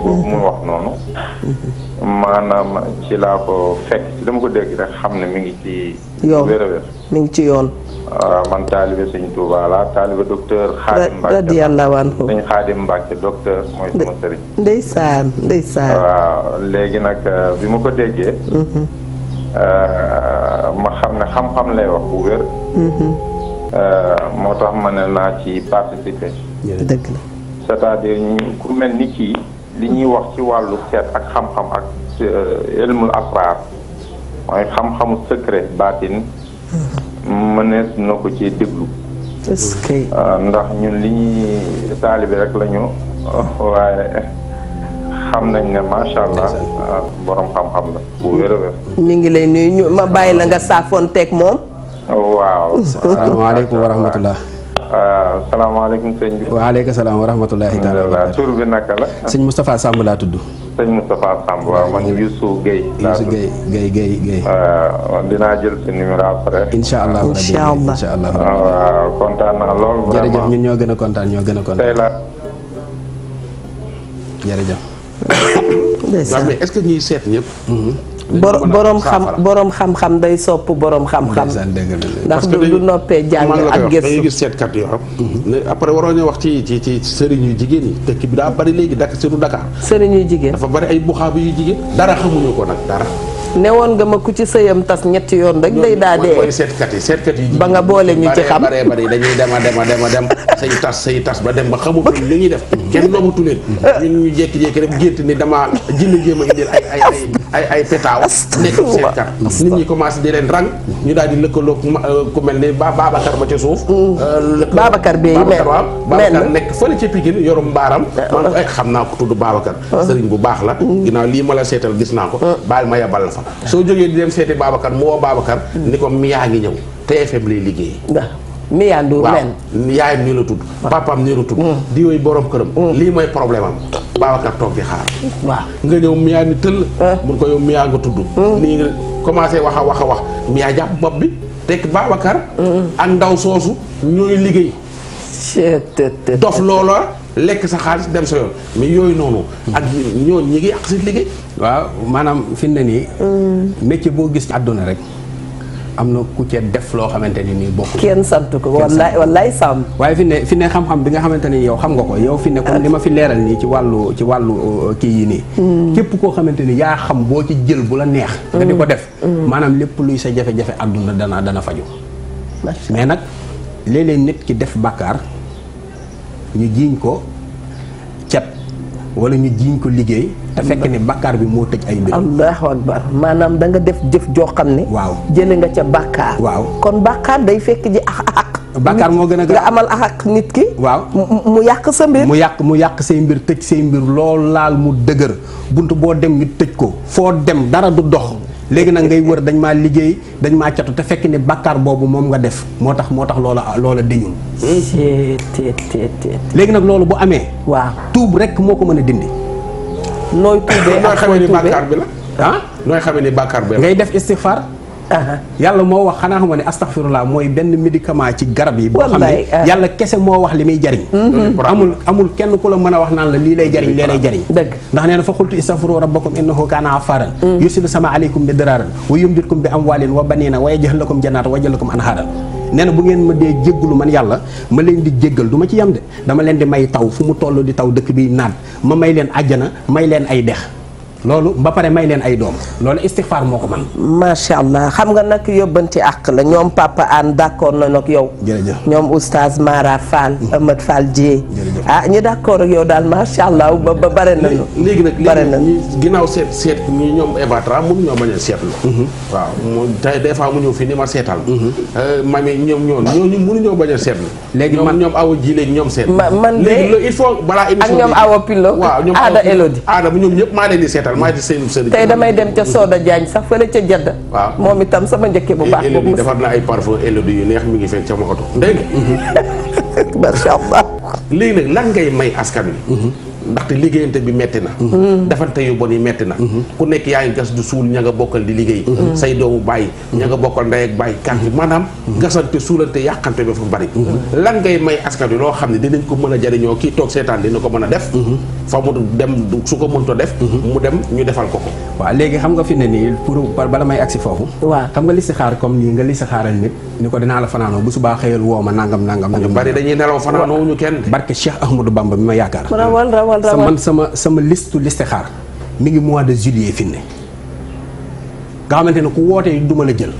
boobu mm-hmm. muy wax noonu. maanaam ci laa ko fekk dama ko dégg rek xam ne mi ngi ci. yoon wér-wér mi ngi ci yoon. Euh, man taalibe sëñ Touba la taalibe docteur. Xaadim Mbacke radiyallahu anhu sëñ Xaadim Mbacke docteur mooy sama sëriñ. ndeysaan ndeysaan. léegi nag euh, bi ma ko déggee. Mhm. Euh, ma xam ne xam-xam lay wax bu wér. Mhm. moo tax ma ne naa ci participer. dëgg la. c'est-à-dire ku mel ni kii li ñuy wax ci wàllu seet ak xam-xam ak ilmul asraar mooy xam-xamu secret baatin. Mhm. mënees na ko ci déglu. est-ce ah, ndax ñun li ñuy taalibi rek la ñu waaye xam nañ ne macha allah ah, borom xam-xam la bu wér a wér. ngi lay nuyu ñu ma bàyyi la nga saafoon teg moom. waaw. asalaamaaleykum wa rahmatullah. waaw euh, salaamaaleykum sëñ bi. waaleykum salaam wa rahmatulahi taala wa tur bi naka la. sëñ Moustapha Samb laa tudd. sëñ Moustapha Samb waaw man Youssou Guèye. Youssou Guèye Guèye Guèye Guèye. Euh, dinaa jël sa numéro après. incha allah incha allah ah, waaw kontaan naa lool. vraiment ñun ñoo gën kontaan ñoo gën a kontaan. tey la. est-ce que ñuy seet ñëpp. Mm-hmm. borom xam borom xam-xam day sopp boroom xam-xam. ndax du noppee jàng ak gëstu. dañuy gis seetkat yoo xam. Mhm. waroo ñu wax ci ci ci sëriñu jigéen yi dëkk bi daa bari léegi dakk surtout Dakar. sëriñu jigéen dafa bari ay buxaabu yu jigéen dara xamuñu ko nag dara. ne woon nga ma ku ci sëyam tas ñetti yoon rek day daa dee mooy seetkat yi seetkat yi ba nga boole ñu ci xam bare bare dañuy dema dema dema dem say tas say tas ba dem ba xamu li ñuy def kenn noomatu leen. ñun ñu jékki-jékki rek gént ni dama jënd jéem a indil ay ay ay ay pétaaw. nekk seen kar nit ñi commencé di leen rang. ñu daal di lëkkaloo euh, ku mel ne Babacar ma ca suuf. Mm. Euh, lëkkaloo Babacar bee mel Babacar nekk fële ca Pikine yorum mbaaram. Eh, man oh. ko ay xam naa ko tudd Babacar. Oh. sëriñ bu baax la. Mm. ginnaaw lii ma la seetal gis naa ko. Oh. baal ma yabal la soo jógee di dem seeti Babacar mu woo Babacar. Mm. ni ko miyaa ngi ñëw TFM lay liggéey. mi yaa Ndour men yaayam nii la tudd papaam nii la tudd mm. di woy borom këram mm. lii mooy problème am Babacar toog di xaar waaw nga ñëw mi ni tëll eh? mun ko yow mi nga tudd mm. nii nga commencé wax a wax a wax mi jàpp bopp bi tekk Babacar ak ndaw soosu ñooy liggéey dof loola lekk sa xaalis dem sa yoon mais yooyu noonu ak ñooñu ñi ngi yàq seen liggéey waaw maanaam fi mu ne nii métier boo gis àdduna rek am na ku cee def loo xamante ni nii bokk kenn sant ko wallaay wallaay sàmm waaye fi ne fi ne xam-xam bi nga xamante ni yow xam nga ko yow fi ne kon li ma fi leeral nii ci wàllu ci wàllu uh, kii yi nii hmm. képp koo xamante ni yaa xam boo ci jël bu la neex nga di ko hmm. def hmm. maanaam lépp luy sa jafe-jafe àdduna dana dana faju mais nag léeg-léeg nit ki def bàkkaar ñu jiiñ ko cet wala ñu jiiñ ko liggéey te fekk ni bakkar bi mo tëj ay mbir. allahu akbar manam da nga def def jo xamne ne. waaw nga ca bakkar waaw kon bakkar day fekk ji ak bakkar mo gëna nga amal ak nit ki. waaw mu yak sa mbir. mu yak mu yak sey mbir tëj sey mbir lol laal mu dëgër buntu bo dem nit tëj ko. fo dem dara du dox. léegi nak ngay wër dañ ma liggéey dañ ma ciatu te fekk ni bakkar bobu mom nga def motax motax moo tax deñul léegi bu amé waaw tuub rek moko ko dindi nooy tuubee ak nooy bàkkaar bi la ah nooy xamee ni bàkkaar bi la ngay def istighfar ah. uh-huh. yàlla moo wax xanaa xamoo ne astaghfirullah mooy benn médicament ci garab yi boo xam ne ah. yàlla kese moo wax li muy jariñ mm-hmm. amul amul kenn ku la mën a wax naan la lii lay jariñ lee lay jariñ ndax nee na fa xultu istaghfiru rabbakum innahu kaana affaaran mm. yursilu sama aleykum bi daraaran wa yumditkum bi amwaalin wa baniina wa yaj'al lakum jannaat wa yaj'al lakum anhaaran nee bu ngeen ma de jéggulu man yalla ma leen di jéggal duma ci yam de dama leen di may taw fu mu tollu di taw dekk bi naat ma may leen aljana may leen ay dekh loolu ba pare may leen ay doom loolu istixfaar moo ko man macha allah xam nga nag yóbbanti àq la ñoom papa an d' accord na nag yow. jërëjëf ñoom oustaz Mara Fall. Hmm. Amad Fall Dieng. ah ñu d' accord ak yow daal macha allah ba ba bare nañu. léegi nag bare nañu ginnaaw seet seet ñi ñoom Eva Tra mun ñoo bañ a seetlu. Hmm. waaw mu tey des fois mu ñëw fii ni ma seetal. Hmm. Eh, mami ñoom ñoo ñooñu mënuñoo bañ a seetlu. léegi man awa ji léegi ñoom seet. man de léegi il ak ñoom awa Pilo. aada Elodie. aada bu ñoom ñëpp maa leen seetal Fall maa ci sëynu sëriñ tey damay dem ca Soda Diagne sax fële ca Jadda waaw moom itam sama njëkke bu baax boobu defar na ay parfum élodie yu neex mi ngi fekk sama oto dégg nga macha allah léegi nag ngay may askan wi mhm. ndaxte liggéeyante bi metti na mm-hmm. defante yu bon yi metti na mm-hmm. ku nekk yaa ngi gas du suul ña nga bokkal di liggéey mm-hmm. say doomu bàyyi ña nga bokkal ndey ak bàyyi kànti maanaam gasante suulante yàqante bi fa bari lan ngay may askan loo xam ne dinañ ko mën a jariñoo kii toog seetaan dina ko mën a def fa mu dem su ko mënta def mu dem ñu defal ko ko waa léegi xam nga fi ne nii pour bala may agsi foofu waaw xam nga xaar comme nii nga listixaaral nit ni ko dinaa la fanaanoo bu subaa xëyal woo ma nangam nangam ñu bari dañuy nelaw fanaanoo ñu kenn barke Cheikh Ahmadou Bamba bi ma yaakaar rawal rawal man sama sama liste listixaar mi ngi mois de juillet fi ne nga xamante ne ku wootee duma la jël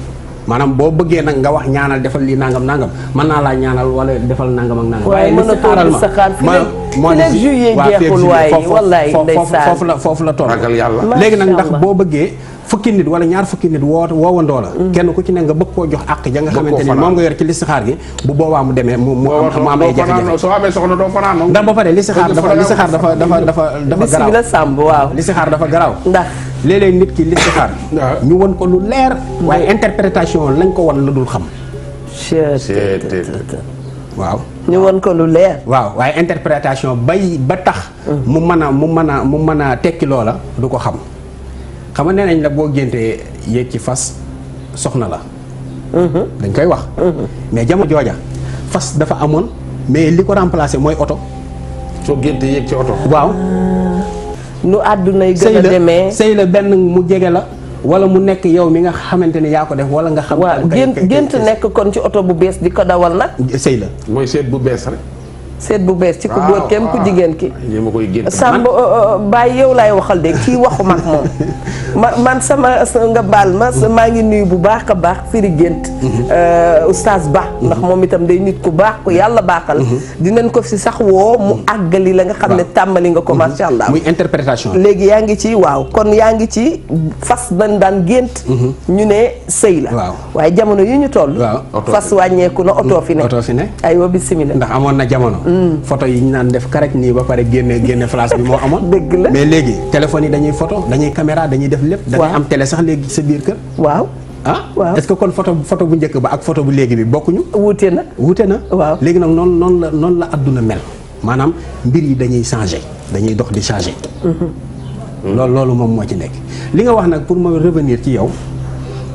maanaam boo bëggee nag nga wax ñaanal defal lii nangam nangam mën naa laa ñaanal wala defal nangam ak nangam. waaye listixaaral ma mois de juillet jeexul waaye foofu la foofu la toll. léegi nag ndax boo bëggee. fukki nit wala ñaar fukki nit woo woowandoo la mm. kenn ku ci ne nga bëgg koo jox àq ja nga xamante ni moom nga yor ci listixaar gi bu boobaa mu demee mu mu am mu am ay jafe-jafe soo amee soxna doo fanaanoo ndax ba pare listixaar dafa listixaar dafa dafa dafa dafa garaaw la sàmb waaw listixaar dafa garaaw ndax léeg nit ki listixaar ñu won ko lu leer mm. waaye interprétation lañ ko won la dul xam waaw ñu ko lu leer. waaw waaye interprétation bay ba tax. Mm. mu mën a mu mën a mu mën a tekki loola du ko xam. xam nga nee la boo géntee yéeg ci fas soxna la. Mm-hmm. dañ koy wax. Mm-hmm. mais jamono jooja fas dafa amoon mais li ko remplacé mooy oto. soo géntee yéeg ci oto. waaw. nu àddunay gën a demee sëy la benn mu jege la. wala mu nekk yow mi nga xamante ne yaa ko def wala nga. xam waaw gént gént nekk kon ci oto bu bees di ko dawal nag. sëy la mooy seet bu bees rek. seet bu bees ci ku góor kem ku jigéen ki Samb euh, euh, bàyyi yow laay waxal de kii waxu mag moom ma man sama nga baal ma maa ngi nuyu bu baax a baax firi gént mhm. euh, oustaz Ba mhm. ndax moom itam day nit ku baax ko yàlla baaxal mhm. dinañ ko si sax woo mu àggali la nga xam ne tàmbali nga ko macha allah muy léegi yaa ngi ci waaw kon yaa ngi ci fas dañ daan gént ñu ne sëy la waaye jamono yi ñu toll fas wàññeeku na oto fi ne aywa bismillah ndax amoon na jamono photo yi ñu naan def karaj nii ba pare génne génne flash bi moo amoon. dëgg la mais léegi téléphone yi dañuy foto dañuy caméra dañuy def lépp. da am télé sax léegi sa biir kër. waaw. ah waaw est-ce que kon photo photo bu njëkk ba ak photo bu léegi bi bokkuñu. wuute na wuute na. waaw léegi nag noonu noonu la noonu la adduna mel maanaam mbir yi dañuy changer dañuy dox di changer. Mm-hmm. loolu loolu moom moo ci nekk. li nga wax nag pour ma revenir ci yow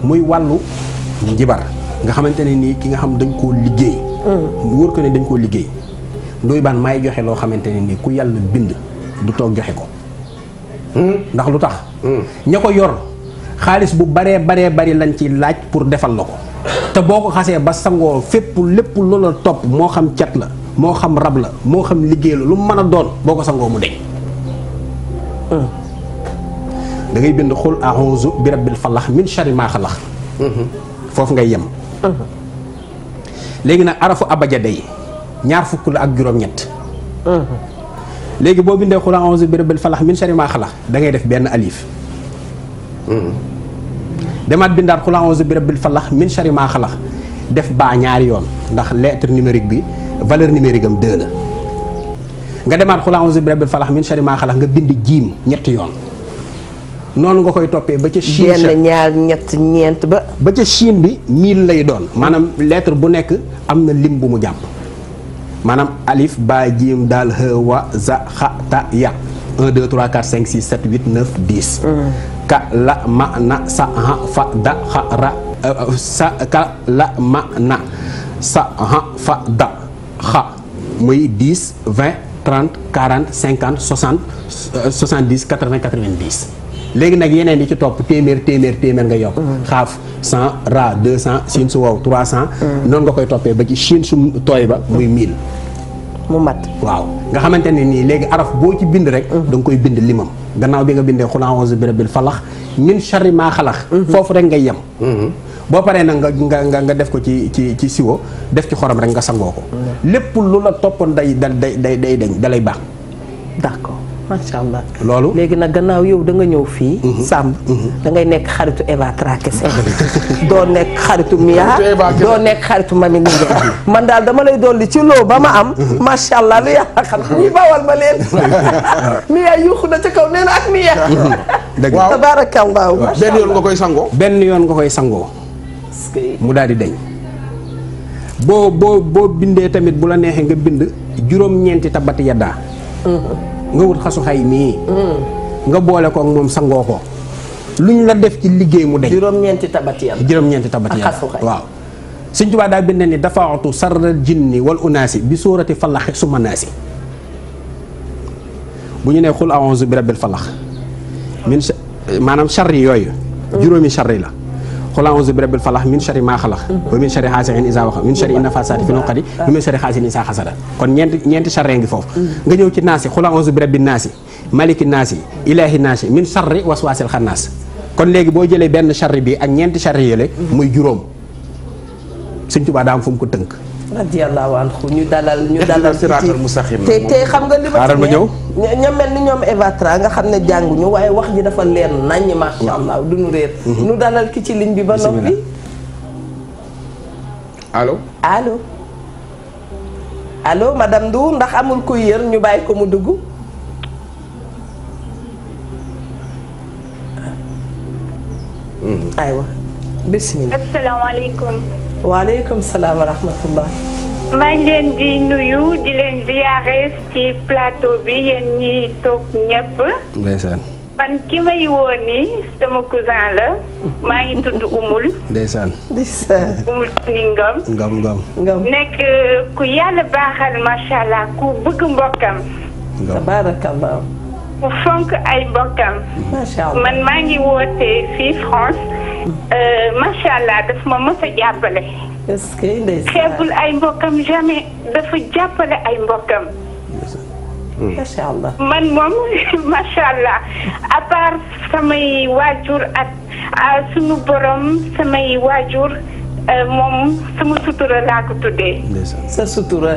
muy wàllu njibar nga xamante ne nii ki nga xam dañ koo liggéey. Mm. ko ne dañ koo liggéey. ndoy baan maay joxe loo xamante ne nii ku yàlla bind du toog joxe ko ndax lu tax hmm. ña ko yor xaalis bu baree baree bari lañ ci laaj pour defal la ko te boo ko xasee ba sangoo fépp lépp loola topp moo xam cet la moo xam rab la moo xam liggéey la lu mën a doon boo ko sangoo mu deñ hmm. da bind xul a'uuzu bi rabbil falax min sharri maa xalax hmm. foofu ngay yem léegi nag arafu abaja day ñaar fukk la ak juroom ñet mhm. léegi boo bindee xul a'uuzu bi rabbil falax min sharri maa xalax da ngay def ben alif. Mhm. demat bindaat xul a'uuzu bi rabbil falah min sharri maa xalax def ba ñaar yoon ndax lettre numérique bi valeur numérique am 2 la. nga demat qur'an a'uuzu bi rabbil falax min sharri maa xalax nga bind jiim ñet yoon. non nga koy topé ba ci Chine ben ñaar ñet ñent ba. ba ci Chine bi 1000 lay doon manam lettre bu nek amna lim bu mu japp manam alif ba jim dal ha wa za kha ta ya 1 2 3 4 5 6 7 8 9 10 ka la ma na sa ha fa da kha ra e, e, sa ka la ma na sa ha fa da kha muy 10 20 30 40 50 60 70 80 90 léegi nag yeneen yi ci topp téeméer téeméer téeméer nga yokk xaaf cent ra deux cent siin su wow trois cent noonu nga koy toppee ba ci siin su tooy ba muy mille mu mat waaw nga xamante ne nii léegi araf boo ci bind rek da nga koy bind limam gannaaw bi nga bindee xul a'uuzu bi rabbil falax min sharri maa xalax foofu rek ngay yem boo paree nag nga nga nga def ko ci ci ci siwo def ci xorom rek nga sangoo ko lépp lu la toppoon day day day day dañ dalay baax d'accord macha allah loolu léegi nag gannaaw yow da nga ñëw fii. Mhm. Samb mhm. da ngay nekk xaritu Eva Traoré doo nekk xaritu Mia doo nekk xaritu Mami Ndiaye mhm. man daal dama lay dolli ci loo ba ma am. macha allah lu yàlla xam ñi bawal ma leen. Mia yuuxu na ca kaw nee ak Mia. benn yoon nga koy sangoo. benn yoon nga koy sangoo. mu daal di deñ boo boo bindee tamit bu la neexee nga bind juróom-ñeenti tabati yaddaa. nga wut xasu xay mii. nga boole kook moom sangoo ko. lu luñ la def ci liggéey mu deñ juróom-ñeenti tabatiyal juróom-ñeenti tabatiyal waaw. Sëñ Tuubaa daa bind ni dafa sar sarral jinni wal unaasi bi suurati falaxi suma naasi bu ñu ne xul aonzu bi rabbil falax maanaam charri yooyu. Mm. juróomi charri la. قل أعوذ برب الفلاح من شر ما خلق ومن شر حاسد إذا وقع من شر النفاسات في نقدي ومن شر حاسد إذا حسد كن ينت ينت شر ينجف غنيو كي ناسي قل أعوذ برب الناس ملك الناس إله الناس من شر وسواس الخناس كن لي بو جيلي بن شر بي ان ينت شر يله موي جوروم سنتو با دام فم كو تنك radiyallahu anhu ñu dalal ñu dalal te te xam nga li ma ci ne ña mel ni ñoom Eva Tra nga xam ne jànguñu waaye wax ji dafa leer naññ masha allah du ñu réer mhm. ñu dalal ki ci ligne bi ba noppi allo allo allo madame ndax amul kuy yër ñu bàyyi ko mu dugg mhm. aywa bismillah asalaamaaleykum waaleykum salaam wa rahmatullah maa ngi leen di nuyu di leen ziyaare ci plateau bi yéen ñi toog ñëpp. man ki may woo nii sama cousin la. maa ngi tudd Umul. ndeysaan. ndeysaan. Umul ni Ngom. Ngom Ngom. nekk ku yàlla baaxal macha allah ku bëgg mbokkam. tabaarakallah. ku fonk ay mbokkam. man maa ngi woote fii France. Euh, macha allah daf ma mës a jàppale. est-ce que ndeysaan xeebul ay mbokkam jamais dafa ay mbokkam. Hmm. macha allah man moom macha allah à part samay waajur ak sunu borom samay waajur euh, moom sama sutura laa ko sa sutura.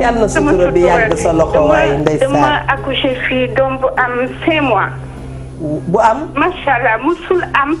yàlla na sutura bi yàgg sa loxo waaye ndeysaan dama dama accouché bu am 5 bu am. macha allah musul am.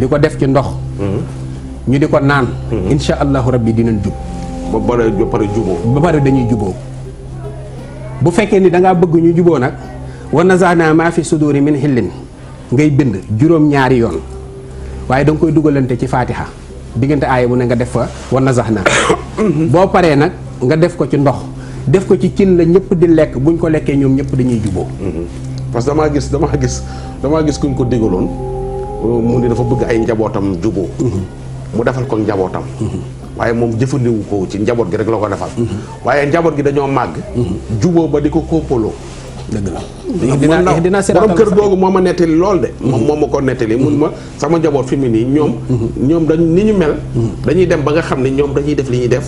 di ko def ci ndox. ñu di ko naan. Mm-hmm. incha allahu rabbi dinañ jub. ba pare juboo. ba pare dañuy juboo bu fekkee ni danga bëgg ñu juboo nag wa nazaana maa fi suduri min xillin ngay bind juróom-ñaari yoon waaye da koy dugalante ci faatiha diggante aaya bu ne nga def fa wa nazaana boo paree nag nga def ko ci ndox def ko ci cin la ñëpp di lekk buñ ko lekkee ñoom ñëpp dañuy juboo mm-hmm. parce que damaa gis damaa gis damaa gis kuñ ko digaloon mu ni dafa bëgg ay njabootam jubo mu defal ko njabootam waaye moom jëfandiwu ko ci njaboot gi rek la ko defal mm-hmm. waaye njaboot gi dañoo màgg mm-hmm. jubo ba di ko kóppaloo dëgg la dina eh, dina borom kër googu moom ma nettali lool de. Mm-hmm. moom moo ma ko nettali mun ma mm-hmm. sama njaboot fi mu ñoom. Mm-hmm. ñoom dañu ni ñu mel. dañuy dem ba nga xam ne ñoom dañuy def li ñuy def.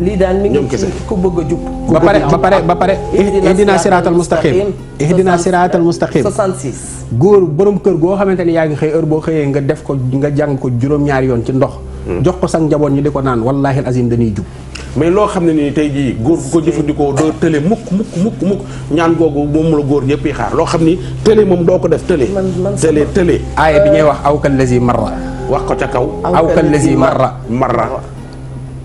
lii daal mi ngi ci ku bëgg a jub. ba pare ba pare ba pare. ihdina siraatal mustaqim ihdina siraatal mustaqim 66. góor borom kër goo xamante ni yaa ngi xëy heure boo xëyee nga def ko nga jàng ko juróom-ñaari yoon ci ndox. Mm. jox ko sax njaboot ñu di ko naan wallaahi azim dañuy jub mais loo xam ne nii tey jii góor bu ko jëfandikoo doo tële mukk mukk mukk ñaan googu moom la góor ñëpp yi xaar loo xam ni tële moom doo ko def tële tële tële aaya bi ñuy wax awkal lazi marra wax ko ca kaw awkal lazi marra marra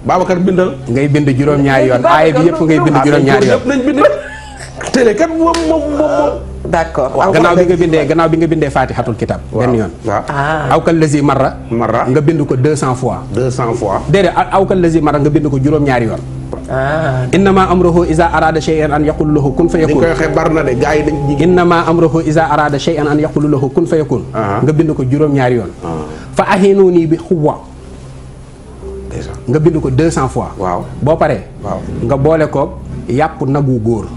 Babacar bindal ngay bind juróom-ñaari yoon aaya bi yëpp ngay bind ah, juróom-ñaari yoon nañ bind tële kat moom moom moom d'accord waaw gannaaw bi nga bindee gannaaw bi nga bindee faatixatul kitab benn yoon awkal ah. lazi marra marra nga bind ko deux cent fois deux cent fois déedéet awkal lazi marra nga bind ko juróom-ñaari yoon ah. innama amruhu iza arada shay'an an yaqul lahu kun fayakun innama amruhu iza arada shay'an an yaqul lahu kun fayakun ah. nga bind ko juróom-ñaari yoon fa ahinuni bi xuwa nga bind ko deux cent fois waaw boo paree nga boole ko yàpp nagu góor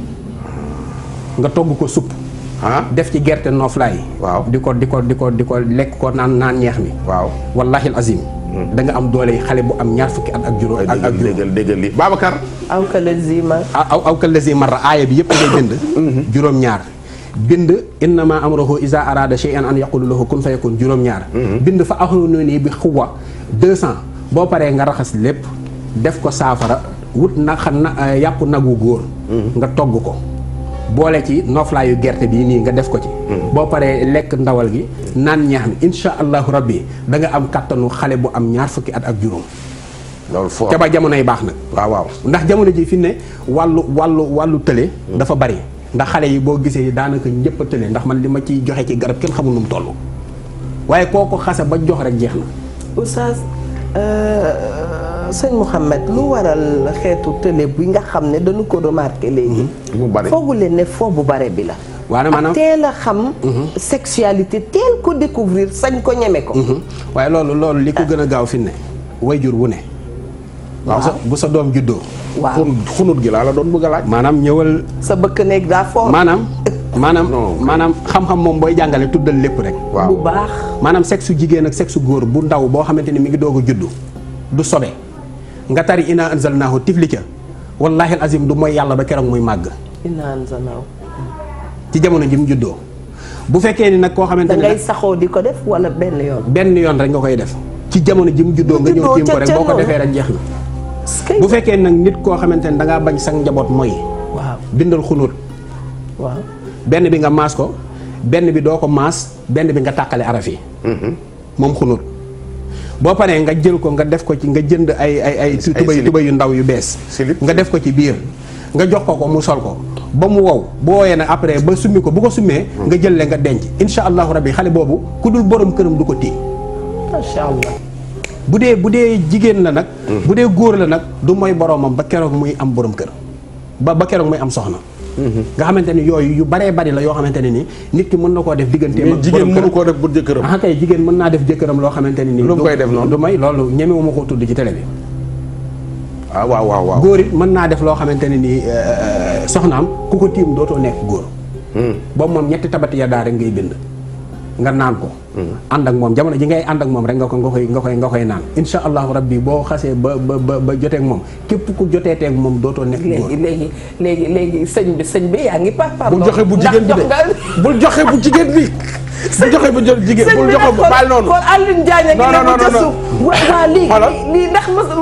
nga togg ko supp Ah? def ci gerte nooflaay waaw di ko di ko di ko di ko lekk ko naan naan ñeex mi waaw wallaahi azim hmm. da nga am doole xale bu am ñaar fukki at ak juróom ak ak déggal déggal li Babacar aw kalazi mar aw aw kalazi mar aaya bind mhm. juróom ñaar bind innama amruhu iza arada shay'an an yaqulu kon kun fayakun juróom ñaar mhm. bind fa axlu noonu bi xuwa deux cent boo paree nga raxas lépp def ko saafara wut na xam na yàpp nagu góor mhm. nga togg ko boole ci noflaayu gerte bii nii nga def ko ci. Mm. boo paree lekk ndawal gi naan ñaax mi incha allahu rabbi da am kàttanu xale bu am ñaar fukki at ak juróom. ca ba jamono yi baax nag. waaw waaw ndax jamono ji fi ne wàllu wàllu wàllu tële. Mm. dafa bari ndax xale yi boo gisee daanaka ñëpp a tële ndax man li ma ciy joxe ci garab kenn xamul nu mu waaye koo ko xase ba jox rek jeex na. Euh, sëñ Mouhamed lu waral xétu télé bi nga xamné ne dañu ko remarqué légui mhm. mu bare foogu leen ne foo bu bare bi la. waaye manam teel a xam. Mhm. sexualité tel ko découvrir sañ ko ñëmé ko. Mhm. waaye loolu loolu liko ah. gëna gaaw fi né wayjur wu né waaw sa bu sa doom juddoo. waaw xunut gi la la doon bëgg laaj. manam ñëwal. sa bëkk né da fo manam manam manam xam-xam mom boy jangalé tuddal lépp rek. waaw bu baax. manam sexu jigéen ak sexu goor bu ndaw bo xamanteni mi ngi dogu a juddu du sobe. nga tari sa anzalnaahu tifli ca wallaahi al azim du mooy yàlla ba keroog muy màgg. inna anzalnaahu ci jamono ji mu juddoo. bu fekkee ni nag koo xamante ne da di ko def wala benn yoon. rek nga koy def ci jamono ji mu juddoo nga ñëw tiim ko rek boo ko defee rek jeex na. bu fekkee nag nit koo xamante ne da ngaa bañ sa njaboot mooy. waaw bindal xunóot. waaw benn bi nga maas ko benn bi doo ko maas benn bi nga tàqale araf yi. Mm-hmm. moom xunóot. boo paree nga jël ko nga def ko ci nga jënd ay ay ay tubay tubay yu ndaw yu bees nga def ko ci biir nga jox ko ko mu sol ko ba mu wow boo woowee nag après ba summi ko bu ko summee hmm. nga jël le nga denc insha allahu rabbi xale boobu ku dul boroom këram du ko téye macha allah bu dee bu dee jigéen la nag hmm. bu dee góor la nag du mooy boromam ba keroog muy am borom kër ba ba keroog muy am soxna nga xamante ni yooyu yu baree bari la yoo xamante ne ni nit ki mën na koo def digganteem ak jigéen mënu koo def bu jëkkëram ah kay jigéen mën naa def jëkkëram loo xamante ne ni lu koy def noonu du may loolu ñemewu ma koo tudd ci télé bi ah, waaw waaw waaw góor it mën naa def loo xamante ne ni euh, soxnaam ku ko tiim dootoo nekk góor hmm. boobu moom ñetti tabat ya daa rek ngay bind nga naan ko ànd ak moom jamono ji ngay ànd ak moom rek nga ko nga koy nga koy nga koy naan insha allahu bi boo xasee ba ba ba ba joteeg moom képp ku joteeteeg moom dootoo nekk léegi léegi léegi léegi sëñ bi sëñ bi yaa ngi par par bul joxe bu jigéen bi de bul joxe bu jigéen bi bu joxe bu jël jigéen bul joxe bu baal noonu. kon Alioune Diagne ngi dem ca suuf. waa lii lii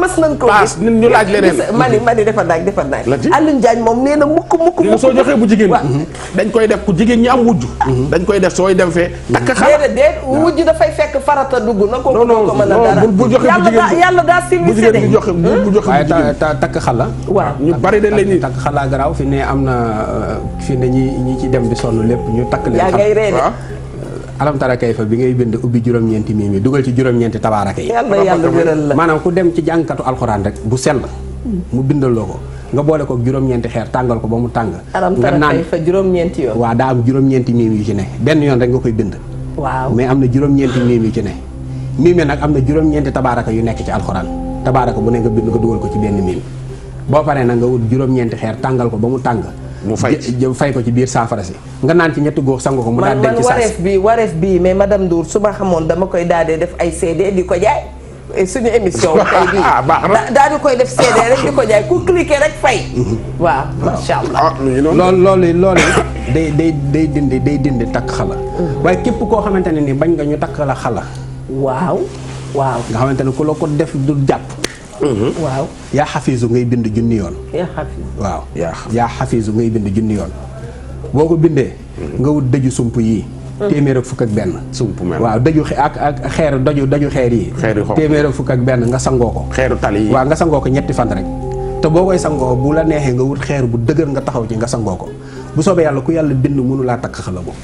mas nañ ko. paas nit ñu laaj leneen. mani mani defar naaj defar naaj. Alioune Diagne moom nee na mukk mukk mukk. soo joxee bu jigéen mhm. dañ koy def ku jigéen ñi am wujj. Mhm. dañ koy def sooy dem fee. takk mhm. xala déedéet déet ah. wujj dafay fekk farata dugg na. ko non non non bu joxe bu jigéen yàlla daa civilisé de bu joxe bu joxe bu jigéen. takk xala. waaw ñu bari dañ leen takk xalaa garaaw fi ne am na fi ne ñi ñi ci dem di sonn lépp ñu takk leen. yaa ngay ree alam tara kayfa bi ngay bind ubbi juróom-ñeenti miim yi dugal ci juróom-ñeenti tabaaraka yi maanaam ku dem ci jàngkatu alxuraan rek bu sell mu bindaloo ko nga boole ko juróom xeer tàngal ko ba mu tàng nga naan fa juróom-ñeenti yoon waaw daa am juróom yu ci ne benn yoon rek nga koy bind waaw mais am na juróom-ñeenti miim yu ci ne miim yi nag am na juróom-ñeenti tabaaraka yu nekk ci alxuraan tabaaraka bu ne nga bind nga dugal ko ci benn miim boo paree nag nga wut juróom-ñeenti xeer tàngal ko ba mu tàng mu fay fay ko ci biir saafara si nga naan ci ñetti góor sango ko mu daal dem ci si wareef bi wareef bi mais madame Ndour su ma xamoon dama koy daal def ay CD di ko jaay eh, suñu émission tey bii ah, daal di koy def CD rek di ko jaay ku cliqué rek fay. Mm-hmm. waaw macha ah, allah. Ah, lool loolu loolu day day day dindi day dindi takk xala. Mm. waaye képp koo xamante ne ni bañ nga ñu takk la xala. waaw waaw. nga xamante ne ku la ko def du jàpp. Mm-hmm. waaw yaa xafiisu ngay bind junni yoon waaw yaa xafiisu ngay bind junni yoon boo ko bindee mm-hmm. nga wut dëju sump yii mm-hmm. téeméer ak fukk ak benn sump mel waaw daju ak ak xeer daju daju xeer yi téeméer ak fukk ak benn nga sangoo ko xeeru tali yi waaw nga sangoo ko ñetti fan rek te boo koy sangoo bu la neexee nga wut xeer bu dëgër nga taxaw ci nga sangoo ko bu soobee yàlla ku yàlla bind mënu laa takk xala bo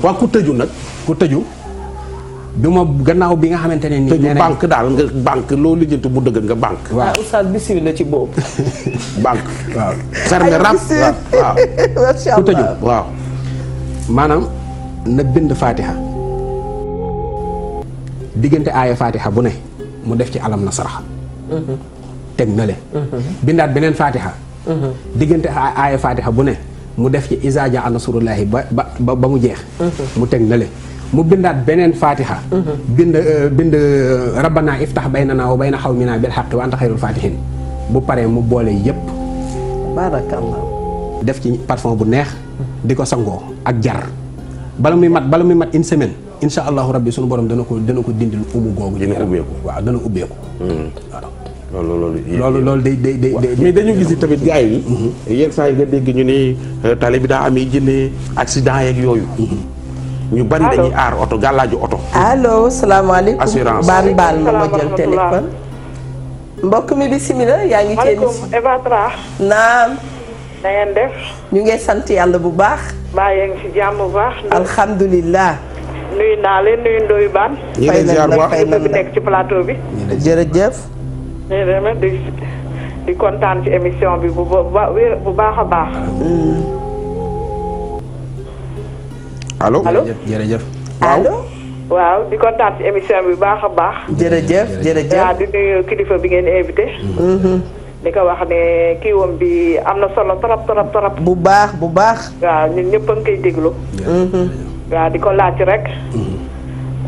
waaw ku tëju nag ku tëju du ma gannaaw bi nga xamante ne nii. nee banque daal nga banque loo lijjanti mu dëgg nga banque. waaw ah, oustaz bisir la ci boobu. banque waaw. fer nga rab waaw waaw. tëju waaw. maanaam na bind fatiha diggante aaya fatiha bu ne mu def ci alam na sarax. Mhm. teg na mhm. beneen fatiha. Mhm. diggante aaya fatiha bu ne mu def ci izaa jaa nasrullaahi ba ba ba mu jeex. mu teg na mu bindaat beneen fatiha mm-hmm. bind euh, bind euh, rabbana iftax baynana wa bayna xawmina bil xaqi wa anta xayrul fatihin bu paree mu boole yépp def ci parfum bu neex di ko sangoo ak jar bala muy mat bala muy mat une semaine insha allahu rabbi sunu borom dana ko dana ko dindil umu googu dina ubbeeku waaw dana ubbeeku mm. loolu loolu loolu day day day mais dañu gis tamit gars yi mm-hmm. yenn saa yi nga dégg ñu ni euh, tali bi daa am yi jënne accident yeeg yooyu mm-hmm. ñu bari dañuy aar oto gàllaaju oto. allo salaamaaleykum assurance baal baal ma ma jël téléphone. mbokk mi bisimilah yaa ngi. ci maaleykum Eva naam. ñu ngi sant yàlla bu baax. baa yaa ngi si jàmm bu baax. alhamdulilah. nuyu naa leen nuyu Ndoye Bane. ngi ziar bu baax fay ci plateau bi. di kontaan ci émission bi bu baax a baax. Mm. allo allo jërëjëf allo waaw di ko ci émission bi bu baax a baax. jërëjëf jërëjëf waaw di nuyu kilifa bi ngeen invité. Mhm. di ko wax ne kii bi am na solo trop trop trop. bu baax bu baax. waaw ñun ñëpp a ngi koy déglu. Mhm. waaw di ko laaj rek. Mhm.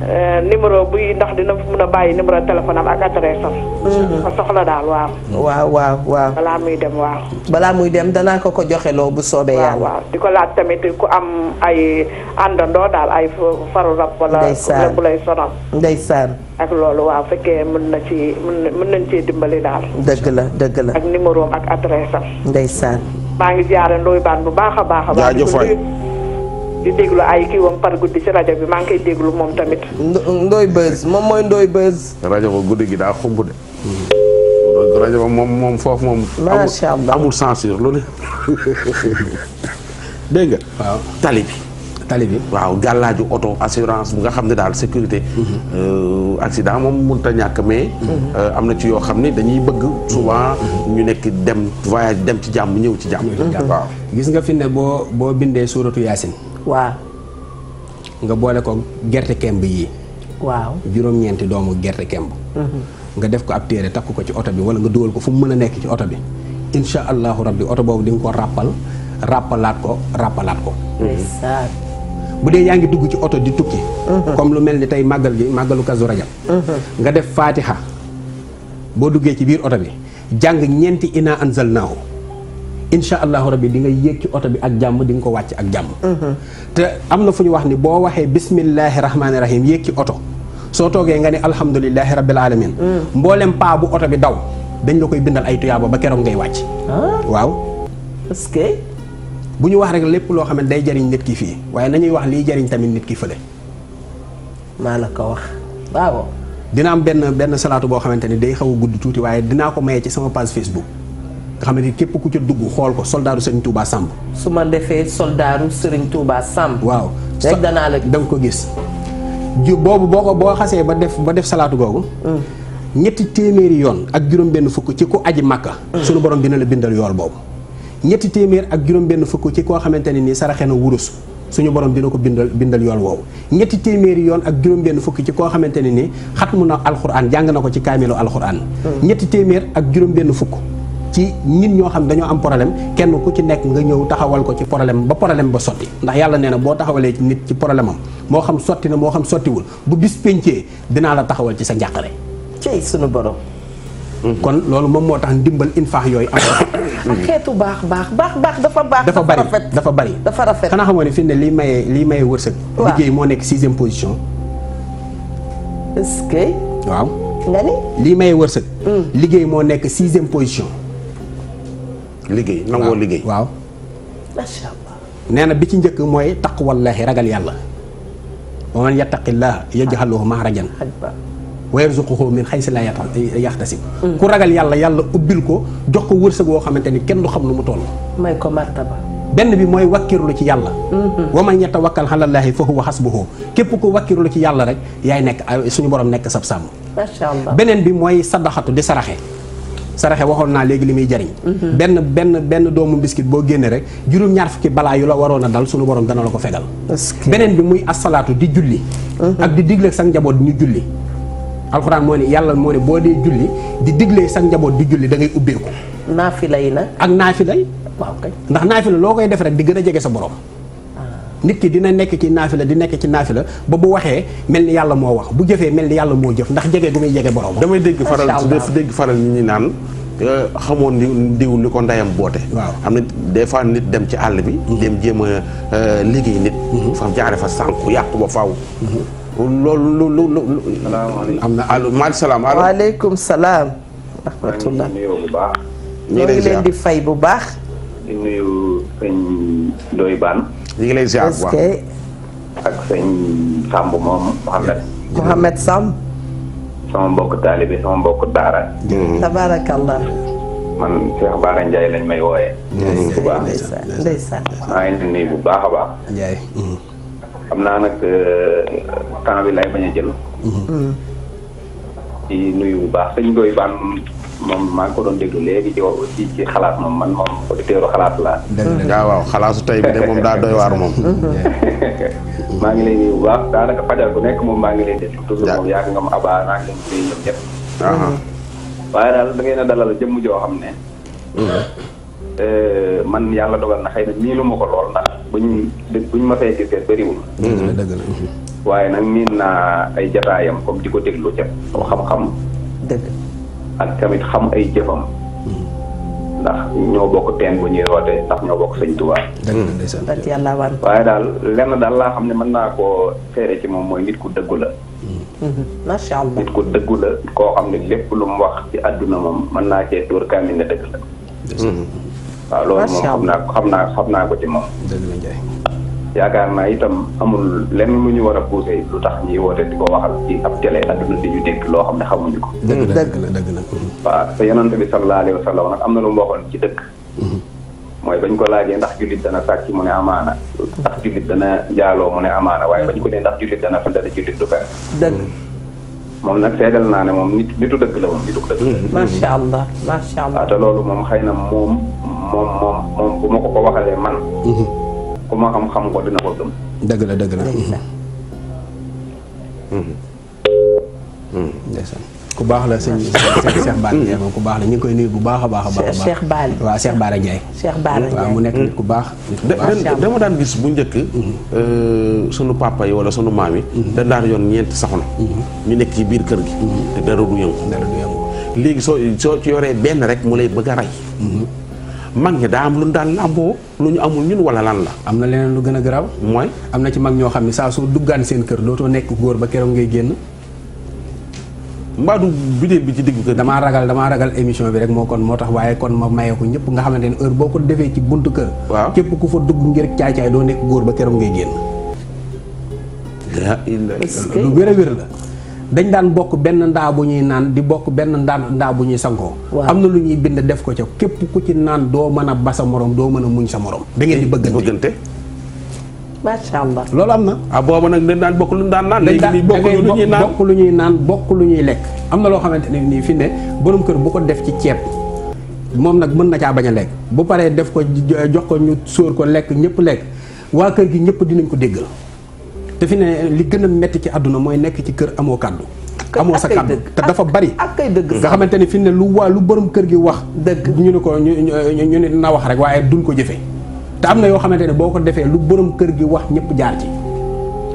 Euh, numéro bi ndax dina mën a bàyyi numéro téléphone am ak adresse am. Mhm. soxla daal waaw. waaw waaw waaw. balaa muy dem waaw. balaa muy dem danaa ko ko joxe loo bu soobee yàlla. waaw di ko laaj tamit ku am ay àndandoo daal ay faru rab. wala ku ndeysaan. ak loolu waaw fekkee mën na ci mën nañ cee dimbali daal. dëgg la dëgg la. ak numéro ak adresse am. ndeysaan. maa ngi jaaree ndoy baan bu baax a baax a baax. di déglu ay kiiwam par guddi ci rajo bi maa ngi koy déglu moom tamit. Ndoy Buzz moom mooy Ndoy Buzz. rajo ba guddi gi daa xumb de. rajo ba moom moom foofu moom. macha allah amul censure lu ne. dégg nga. waaw tali bi. waaw gàllaaju oto assurance bu nga xam ne daal sécurité. Mhm. Euh, accident moom mënut ñàkk mais. Mhm. Euh, am na ci yoo xam ne dañuy bëgg. souvent mhm. ñu nekk dem voyage dem ci jàmm ñëw ci jàmm. waaw gis nga fi ne boo boo bindee suuratu yaasin. waaw. nga boole ko gerte kemb yi. waaw juróom-ñeenti doomu gerte kemb. Mhm. nga def ko ab téere takk ko ci oto bi wala nga dugal ko fu mu mën a nekk ci oto bi. incha allahu rabbi oto boobu di nga ko ràppal ràppalaat ko ràppalaat ko. Mhm. bu dee yaa ngi dugg ci oto di tukki. Mhm. comme lu mel ni tey màggal gi màggalu Kazu Rajab nga def faatiha boo duggee ci biir oto bi jàng ñeenti ina anzalnaahu incha allahu rabbi di nga yéeg ci oto bi ak jàmm di nga ko wàcc ak jàmm. te am na fu ñu wax ni boo waxee bismillahi rahmaani rahim yéeg ci oto soo toogee nga ne alhamdulilahi rabbil alamin mm. mboolem paa bu oto bi daw dañ la koy bindal ay tuyaaba ba keroog ngay wàcc. Ah. waaw. bu ñu wax rek lépp loo xam ne day jariñ nit ki fii waaye nañuy wax liy jariñ tamit nit ki fële. maa la ko wax waaw. dina am benn benn salaatu boo xamante ni day xaw a gudd tuuti waaye dinaa ko maye ci sama page Facebook. nga xam képp ku ci dugg xol ko soldatu Serigne Touba Samb. suma ma soldatu Serigne Touba Samb. waaw rek dana la dang ko gis. ju bobu boko bo xasse ba def ba def salatu gogou mm. ñetti téeméeri yoon ak juroom benn fukk ci ko aji makka mm. suñu borom dina la bindal yool bobu ñetti téeméer ak juroom benn fukk ci ko xamanteni ni saraxena wurus suñu borom dina ko bindal bindal yool woowu ñetti téeméeri yoon ak juroom benn fukk ci ko xamanteni ni khatmuna alquran jang nako ci kamilu alquran mm. ñetti téeméer ak juroom benn fukk. ci nit ñoo xam dañoo am problème kenn ku ci nekk nga ñëw taxawal ko ci problème ba problème ba sotti ndax yàlla nee na boo taxawalee ci nit ci problème moo xam sotti na moo xam sottiwul bu bis pencee dinaa la taxawal ci sa njàqare cey sunu borom kon loolu moom moo tax ndimbal infaax yooyu am ak xeetu baax baax baax baax dafa baax dafa bari dafa bari dafa rafet xanaa xamoo ne fi ne liy maye liy maye wërsëg liggéey moo nekk sixième position est-ce que waaw nga mm. moo nekk sixième position liggéey nangoo liggéey waaw macha allah nee na bi ci njëkk mooy taqwallaahi ragal yàlla wa man yattaqillaaha yaj'al lahu mahrajan wa yarzuqhu min xaysi laa yaxtasib ku ragal yàlla yàlla ubbil ko jox ko wërsëg woo xamante ni kenn du xam lu mu toll may ko martaba benn bi mooy wakkirlu ci yàlla wa man yatawakkal alallaahi fa huwa hasbuhu képp ko wakkirlu ci yàlla rek yaay nekk suñu borom nekk sab sàmm beneen bi mooy sadaxatu di saraxe saraxe waxoon naa léegi li muy jariñ mhm. benn benn benn doomu mbiskit boo génnee rek juróom-ñaar fukki balaa yu la waroon a dal suñu borom dana la ko fegal beneen bi muy asalaatu di julli mhm. ak di digle sa njaboot ñu julli alxuraan moo ne yàlla moo ne boo dee julli di digle sa njaboot di julli da ngay ubbeeku naafila yi nag ak naafila yi waaw kay ndax naafila loo koy def rek di gën a jege sa borom nit ki dina nekk ci la di nekk ci naafi la ba bu waxee mel ni yàlla moo wax bu jëfee mel ni yàlla moo jëf ndax jege bu muy jege borom. damay dégg faral dégg faral ñu ñu naan. Euh, xamoon ni diw li ko ndeyam boote. waaw am na des fois nit dem ci àll bi. Mhm. dem jéem a euh, liggéey nit. Mhm. fam jaare fa sànq yàqu ba faw mhm. loolu lu lu lu. am na allo maaleykum salaam. waaleykum salaam. rahmatullah ñu ngi leen di fay bu baax. di nuyu Iglesia Agua. Que... ak sëñ Samb moom Mohamed. Mohamed Samb. sama mbokk taalibe sama mbokk Daara. Mm. tabarakallah. man Cheikh Baara Ndiaye lañ may wooyee. bu baax ndeysaan maa ngi nuyu bu baax a baax. Ndiaye. xam naa nag temps bi lay bañ a jël. di nuyu bu baax sëñ Goy Baan moom maa ngi ko doon déglu léegi ci ci ci xalaat moom man moom auditeuru xalaat laa. dëgg waaw xalaasu tey moom daa doy waar moom. maa ngi lay nuyu bu baax daanaka fajar bu nekk moom maa ngi lay déglu. toujours moom yàgg nga ma abaa naa ngi leen di nuyu joo xam ne. Mm-hmm. Euh, man yàlla dogal na xëy na miinu ma ko lool ndax buñ buñ ma fay gis gën bëriwul. Mm-hmm. dëgg la waaye nag miin na ay jataayam kom di ko déglu ca xam-xam. ak tamit xam ay jëfam ndax ñoo bokk teen bu ñuy roote ndax ñoo bokk sëñ Tuubaa hmm. waaye daal lenn daal laa xam ne mën naa koo seere ci moom mooy nit ku dëggu la hmm. hmm. macha allah nit ku dëggu la koo xam ne lépp lu mu wax ci àdduna moom mën naa cee tuur kaamin la waaw loolu moom xam naa xam naa xam naa ko ci moom yaakaar naa itam amul lenn lu ñu war a poussé lu tax ñuy woote di ko waxal ci ab télé àdduna di ñu dégg loo xam ne xamuñu ko. dëgg la dëgg la dëgg la. waaw te yonante bi sallallahu alayhi wa sallam nag am na lu mu waxoon ci dëkk. mooy bañ ko laajee ndax julit dana sàcc mu ne amaana ndax julit dana njaaloo mu ne amaana waaye bañ ko ne ndax julit dana fa dana jullit du fen dëgg moom nag seedal naa ne moom nit nitu dëgg la moom nitu dëgg macha allah macha allah te loolu moom xëy na moom moom moom moom bu ma ko ko waxalee man ku xam xam ko dina ko gëm. dëgg la dëgg la. Mm-hmm. Mm-hmm. Mm-hmm. ku baax la sëñ Cheikh Bara Ndiaye moom ku baax la ñu koy nuyu bu baax a baax a baax Cheikh Bara waaw Cheikh Bara Ndiaye Cheikh mu nekk nit ku baax dama daan gis bu njëkk euh, sunu papa yi wala sunu maam yi dañ daan yoon ñeenti soxna ñu nekk ci biir kër gi te dara du yëngu léegi soo soo ci yoree benn rek mu lay bëgg a rey mag ñi daa am lu ñu daan làmboo lu ñu amul ñun wala lan la. am na leneen lu gën a garaaw. mooy am na ci mag ñoo xam ne saa soo duggaan seen kër dootoo nekk góor ba keroog ngay génn. mbaadu bideel bi ci digg damaa ragal damaa ragal émission bi rek moo kon moo tax waaye kon ma maye ñëpp nga xamante ne heure boo ko defee ci buntu kër. waaw képp ku fa dugg ngir caay doo nekk góor ba keroog ngay génn. lu wér a wér la. dañ daan bokk benn ndaa bu ñuy naan di bokk benn ndaan ndaa bu ñuy sangoo am na lu ñuy bind def ko ca képp ku ci naan doo mën a basa moroom doo mën a muñ sa morom da ngeen di bëggante macha allah loolu am na ah booba nag dañ daan bokk lu ñu daan naan léegi nii bokk lu ñuy naan bokk lu ñuy naan bokk lu ñuy lekk am na loo xamante ne nii fi ne borom kër bu ko def ci ceeb moom nag mën na caa bañ a lekk bu paree def ko jox ko ñu sóor ko lekk ñëpp lekk waa kër gi ñëpp dinañ ko déggal te fi ne li gën a métti ci àdduna mooy nekk ci kër amoo kàddu amoo sa kàddu te dafa bari ak kay dëgg nga xamante ni fi ne lu waa lu borom kër gi wax dëgg ñu ne ko ñu ne dina wax rek waaye duñ ko jëfee te am na yoo xamante ne boo ko defee lu borom kër gi wax ñëpp jaar ci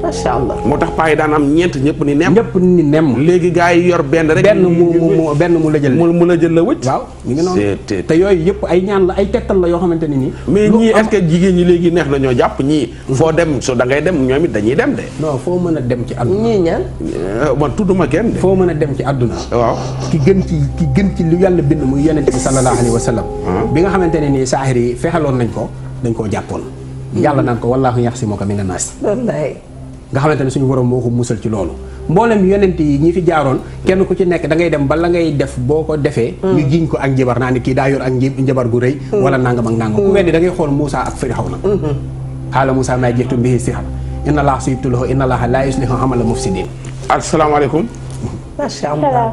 macha allah moo tax paa yi daan am ñeent ñëpp ni nem ñëpp ni nem léegi gars yi yor benn rek benn mu mu benn mu la jël mu mu la jël la wëcc te yooyu yëpp ay ñaan la ay tegtal la yoo xamante ni nii mais ñii est jigéen ñi léegi neex na ñoo jàpp ñii mm-hmm. foo dem so da ngay dem ñoom it dañuy dem de non foo mën a dem ci àdduna ñii ñaan eh, man tudduma kenn de foo mën a dem ci àdduna waaw ki gën ci ki gën ci lu yàlla bind muy yonente bi sallallahu alayhi wa sallam ah. bi nga xamante ne nii saahir yi fexeloon nañ ko dañ koo jàppoon mm-hmm. yàlla naan ko wallaahu yaxsimuka mina naas nga xamante ne suñu borom moo ko musal ci loolu mboolem yonent yi ñi fi jaaroon kenn ku ci nekk dangay dem ba ngay def boo ko defee mm. ñu jiñ ko ak njabar naa ni kii daa yor ak njabar gu rëy mm. wala nangam ak nangam ku weddi da ngay xool Moussa ak Firawna xaala mm-hmm. Moussa maa jiitu bihi sihar inna laaha sayubtiluhu inna laaha laa yuslihu amala mufsidin asalaamaaleykum macha allah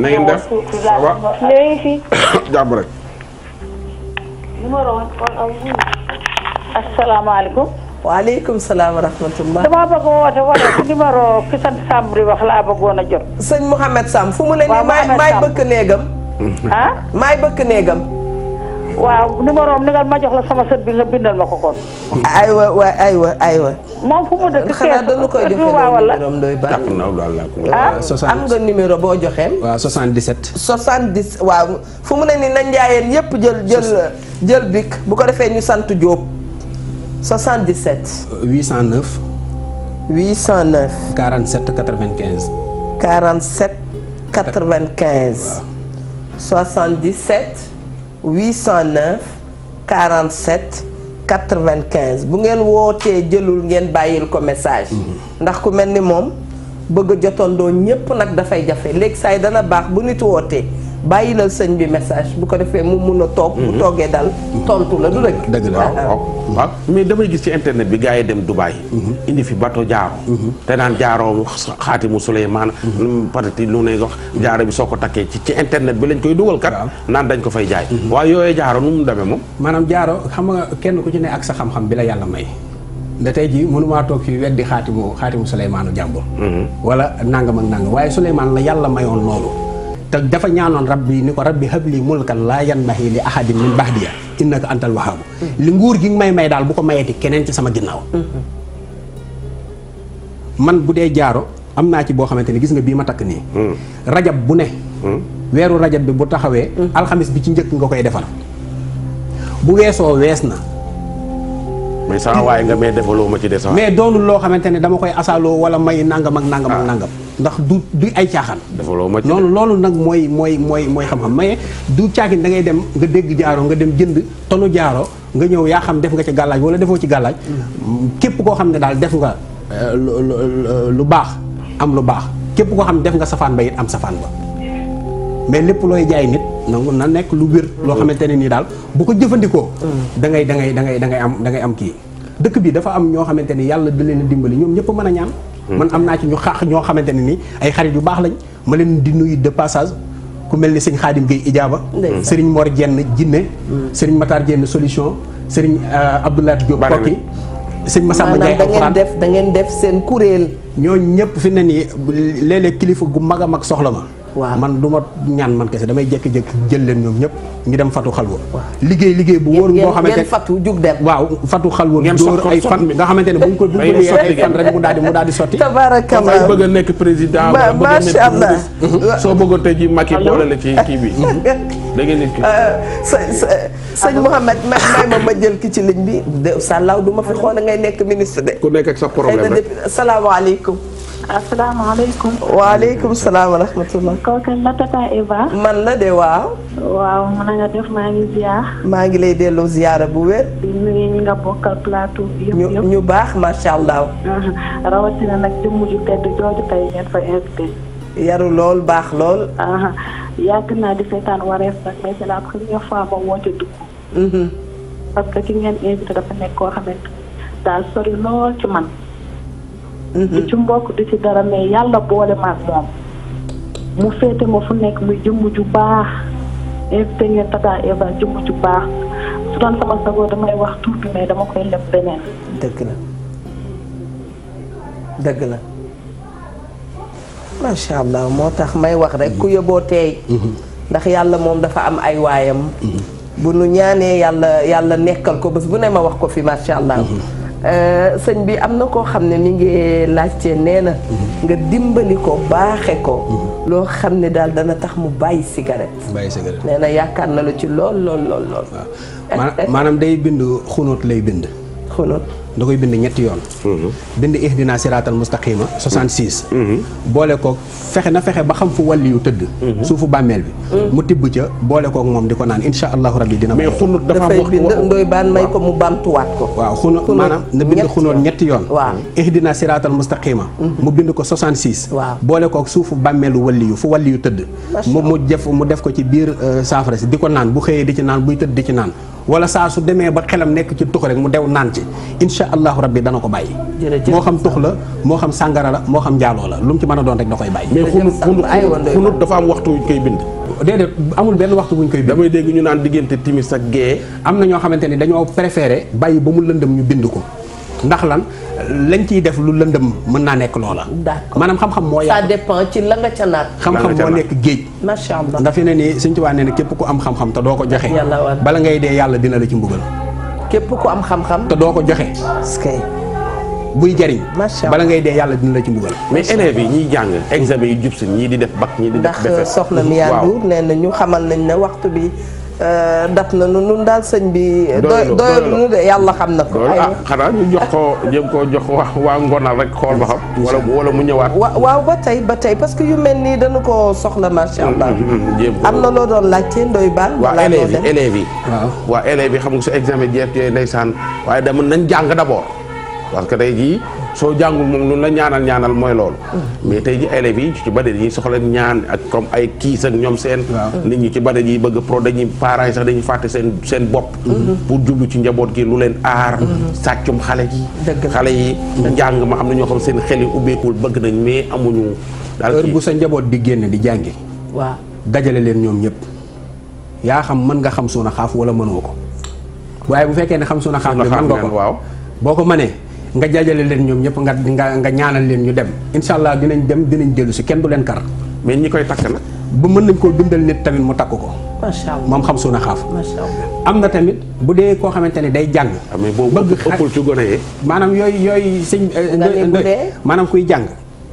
na ngeen def ça va jàmm rek asalaamaaleykum waaleykum salaam wa rahmatullah. damaa bëgg woote wala numéro ki sant Samb wax laa bëggoon a jot. sëñ Mouhamed Samb fu mu ne nii maay maay bëkk néegam. ah maay bëkk ma jox la sama bi nga bindal ma ko kon. aywa waay aywa aywa. moom fu mu dëkk xanaa dañu ah, boo joxeem. waaw 77. 70 waaw fu ne na njaayeen yépp jël jël jël bik bu ko defee ñu sant Diop. 77. 809. 809. 47 95. 47 95. 77 809 47 95 bu ngeen wootee jëlul ko message. Mhm. ndax ku melni mom bëgg ñepp nak da fay jafé say dana bax bu nit message, bàyyi la sëñ bi message bu ko defee mu mun a toog. bu mhm. toogee daal mhm. tontu la du rek. dëgg la waaw oh, waaw mais damay gis ci internet bi gars yi dem Dubaï. Mhm. indi fi bato jaaro. te naan jaaroo xaatimu Suleymaan. peut-être lu ne wax jaaro bi soo ko takkee ci ci internet bi lañ koy dugal kat. naan dañ ko fay jaay. waaye yooyu jaaro nu mu demee moom. maanaam jaaro xam nga kenn ku ci ne ak sa xam-xam bi la yàlla may. da tey jii mënumaa toog fii weddi xaatimu xaatimu Suleymaanu jàmbur. wala nangam ak nangam waaye Suleymaan la yàlla mayoon loolu. te dafa ñaanon rabbi niko rabbi habli mulkan laa yanbahi li ahadin min bahdiya innaka antal wahhab li nguur gi may may dal bu ko mayeti kenen ci sama ginnaw man budé jaaro amna ci bo xamanteni gis nga bii ma takk rajab bu ne wéru rajab bi bu taxawee alxamis bi ci njëkk nga koy defar bu wéso wésna mais sa way nga may defaloo ma ci des mais doonul lo xamanteni dama koy asalo wala may nangam ak nangam ak nangam ndax du du ay tiaxan loolu lolu nak moy moy moy moy xam-xam may du caagin da ngay dem nga deg jaaro nga dem jënd tonu jaaro nga ñew ya xam def nga ci galaj wala defo ci galaj kep ko xam ne def nga euh, lu bax am lu bax kep ko xam def nga safan am safan ba mais lepp loy jaay nit nangu na nek lu wir lo xamanteni ni dal bu ko jëfëndiko da ngay da ngay da ngay da ngay am da ngay am ki dëkk bi dafa am ño xamanteni yalla yàlla da leen dimbali ñom ñëpp mëna ñaan Hmm. man am naa ci ñu xaax ñoo xamante ne ni ay xarit yu baax lañ ma leen di nuyu de passage ku mel ni sëñ Xaadim Gueye Ijaaba sëriñ Mor Jenn Jinne sëriñ Matar Jenn solution sëriñ euh, Abdoulaye Diop Kokki sëñ Massamba Ndiaye da ngeen def da ngeen def seen kuréel ñoo ñëpp fi ne nii léeg kilifa gu mag a mag soxla ma man du ma ñaan man kese damay jékki-jékki jël leen ñoom ñëpp ñu dem xal xalwa liggéey liggéey bu wóor boo xamante ne fatu jug dem waaw fatu xalwa dóor ay fan nga xamante ne bu ko bu ñu ko ay fan rek mu daal di mu daal a soo bëggoon tey ji Macky boole la ci kii bi dégg nit ki sëñ Mouhamed may ma ma jël ci ligne bi de sa law du ma fi xool ngay nekk ministre de ku nekk ak sa problème rek salaamaaleykum asalaamaaleykum. waaleykum salaam wa rahmatulah. kooku la Tata Eva. man la de waaw. waaw mën nga def maa ngi ziar. maa ngi lay delloo ziara bu wér. ñu ñu baax macha allah. rawatina nag yaru lool baax lool. yàgg naa di seetaan wareef nag mais c'est la première fois ma woote dugg. Mhm. parce que ki ngeen invité dafa nekk koo xamante daal sori lool ci man. ci mbokk du ci dara mais yàlla boole maag moom mu féete ma fu nekk muy jëmm ju baax invité ngeen tata Eva baax su doon sama sago damay wax tur bi mais dama koy leb beneen dëgg la dëgg la macha allah moo tax may wax rek ku yóbboo teey ndax yàlla moom dafa am ay waayam mm-hmm. bu nu ñaanee yàlla yàlla nekkal ko bés bu ne ma wax ko fi macha allah mm-hmm. Euh, sëñ bi am na koo xam ne ni ngi laajte nee na mhm. nga dimbali ko baaxe ko mhm. loo xam ne daal dana tax mu bàyyi cigarette bàyyi cigarette nee na yaakaar na la ci lool lool lool maanaam day bind xunuut lay bind xunuut da koy bind ñetti yoon mhm. bind ihdina siraatal mustaqima 66 mhm. boole koog fexe na fexe ba xam fu wàlli yu tëdd mhm. suufu bàmmeel bi mu tibb ca boole koog moom di ko naan insha allahu rabbi dina mais xunut dafa dafay bind ndoy baan may ko mu xunut na bind xunóot ñetti yoon ihdina siraatal mustaqima mu bind ko 66 waaw boole koog suufu bàmmeelu wàlli yu fu wàlli yu tëdd mu mu jëf mu def ko ci biir euh, saafara si di ko naan bu xëyee di ci naan buy tëdd di ci naan wala saa su demee ba xelam nekk ci tux rek mu dew naan ci incha allahu rabbi dana ko bàyyi moo xam tux la moo xam sàngara la moo xam njaaloo la lu mu ci mën a doon rek da koy bàyyi mais xunut xunut dafa am waxtu wuñ koy bind déedéet amul benn waxtu wuñ koy bind dégg ñu naan diggante timis ak gée am na ñoo xamante ni dañoo préféré bàyyi ba mu lëndëm ñu bind ko ndax lan lañ ciy def lu lëndëm mën naa nekk loola. d'accord maanaam xam-xam moo. yaatu ça ci la nga ca naat. xam-xam moo nekk géej. macha allah ndax fi ne nii suñ ci waa ne ne képp ku am xam-xam te doo ko joxe. bala ngay dee yàlla dina la ci mbugal. képp ku am xam-xam. te doo ko joxe. buy jariñ bala ngay dee yàlla dina la ci mbugal mais élèves yi ñiy jàng examen yu jub si ñii di def bac ñii di def. ndax soxna Miane Ndour nee na ñu xamal nañ ne waxtu bi. Euh, dab na nu nun daal sañ bi. doyul nu de yàlla xam na ko. ah xanaa jox ko jéem koo jox waa Ngonal rek xool ba xam. wala wala mu ñëwaat. waaw ba tey ba tey parce que yu mel nii dana ko soxla macha allah. Mm, mm, mm, am na loo doon laajte ndoy baal. waa élèves yi élèves yi. waaw élèves yi xam nga su examen jeex yooyu ndeysaan waaye dama nañ jàng d'abord parce que tey jii. soo jàngul moom lu la ñaanal ñaanal mooy lool mm. mais tey ji élèves yi ci bari dañuy soxla ñaan ak comme ay kiis ak ñoom seen nit ñi ci bari dañuy bëgg pro dañuy parents yi sax dañuy fàtte seen seen bopp mm-hmm. pour jublu ci njaboot gi lu leen aar mm-hmm. sàccum xale yi xale yi njàng ma am na ñoo xam seen xel yi ubbeekul bëgg nañ mais amuñu daal bu sa njaboot di génn di jàngi waa dajale leen ñoom ñëpp yaa xam man nga xam suuna xaaf wala mënoo ko waaye bu fekkee ne xam suuna xaaf bi mën boo ko mënee nga jaajale leen ñoom ñëpp nga nga nga ñaanal leen ñu dem incha allah dinañ dem dinañ dellu si kenn du leen kar mais ñi koy takk nag ba mën nañ koo bindal nit tamit mu takk ko moom xam suuna xaaf am na tamit bu dee koo xamante ne day jàng ah, bëgg ëppul ci gone maanaam yooyu yooyu sëñ eh, maanaam kuy jàng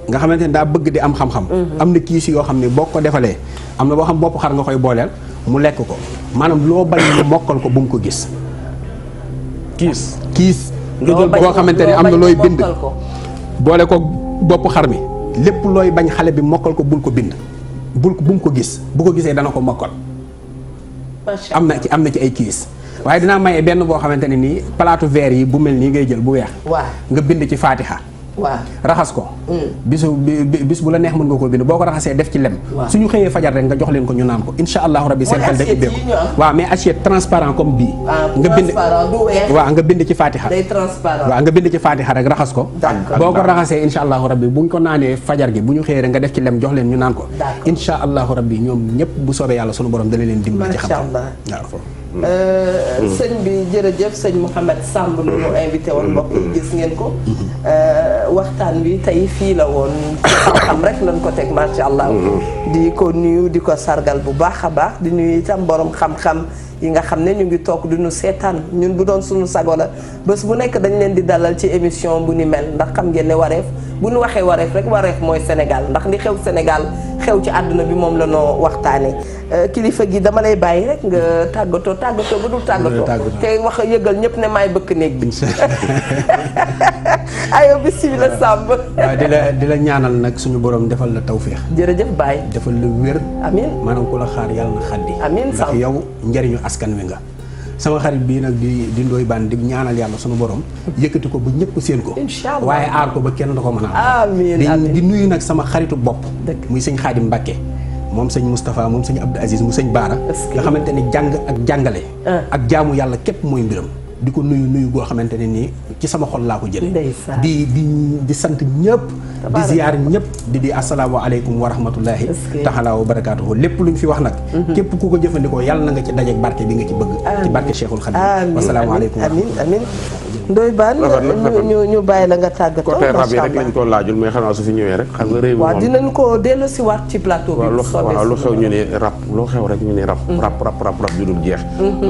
nga xamante ne daa bëgg di am xam-xam mhm. am na kiis yoo xam ne boo ko defalee am na boo xam bopp xar nga koy booleel mu lekk ko maanaam loo bañ mu mokkal ko bu mu ko gis kiis kiis lu dul boo xamante ni am na looy bind boole ko bopp xar mi lépp looy bañ xale bi mokkal ko bul ko bind bul bu mu ko gis bu ko gisee dana ko mokkal am na ci am na ci ay kiis waaye dinaa maye benn boo xamante ne nii palaatu verre yi bu mel nii ngay jël bu weex nga bind ci faatixa waaw raxas ko mm. bisu bis bu la neex mën nga koo bind boo ko raxasee def ci lem suñu xëyee fajar rek nga jox leen ko ñu naan ko insha allahu rabbi seen xel day ubbeeku waaw mais assiette transparent comme bii ah, nga bind waaw nga bind ci faatixa waaw nga bind ci faatixa rek raxas ko boo ko raxasee insha allahu rabbi bu ko naanee fajar gi bu ñu xëyee nga def ci lem jox leen ñu naan ko insha allahu rabbi ñoom ñëpp bu soobee yàlla sunu borom dana leen dimbali ci xam waaw Euh, sëñ bi jërëjëf sëñ Mouhamed Samb mi ñu invité woon mbokk yi gis ngeen ko. Euh, waxtaan bi tey fii la woon xam-xam rek lañ ko teg macha allah. di ko nuyu di ko sargal bu baax a baax di nuyu itam borom xam-xam yi nga xam ne ñu ngi toog du ñu seetaan ñun bu doon suñu sago la bés bu nekk dañ leen di dalal ci émission bu ni mel ndax xam ngeen ne wareef bu ñu waxee wareef rek wareef mooy Sénégal ndax li xew Sénégal. xew ci àdduna bi moom la noo waxtaanee euh, kilifa gi dama lay bàyyi rek nga tàggatoo tàggatoo ba dul tàggatoo te wax yëgal ñëpp ne may bëkk néeg bi ayo bismilla Samb waaw di la di la ñaanal nag suñu borom defal la tawféex jërëjëf Baye defal la wér amin a ku la xaar yàlla xaddi amin ndax yow njariñu askan wi nga sama xarit bii nag di di Ndoye Bane di ñaanal yàlla sunu borom yëkkati ko bu ñëpp seen ko waaye aar ko ba kenn da ko mën a amiin di nuyu nag sama xaritu bopp muy sëñ Xaadim Mbàkke moom sëñ Moustapha moom sëñ Abdou Aziz mu sëñ Baara nga xamante ne jàng ak jàngale ah. ak jaamu yàlla képp mooy mbiram di ko nuyu nuyu goo xamante ne nii ci sama xol laa ko jëlee. di di di sant ñëpp. di ziyaar ñëpp di di asalaamaaleykum wa rahmatullahi taxalaa wa barakaatuhu lépp lu ñu fi wax nag. képp ku ko jëfandikoo yàlla na nga ci dajeeg barke bi nga ci bëgg. ci barke Cheikhul Khadim. wasalaamaaleykum amiin amiin Ndoye Bane ñu ñu bàyyi la nga tàggatoo. macha allah côté rab yi rek lañ ko laajul mais ñëwee rek. xam nga réew mi moom waaw dinañ ko delloosiwaat ci plateau bi. lu xew ñu ne rab lu xew rek ñu ne rab. rab rab rab rab ju dul jeex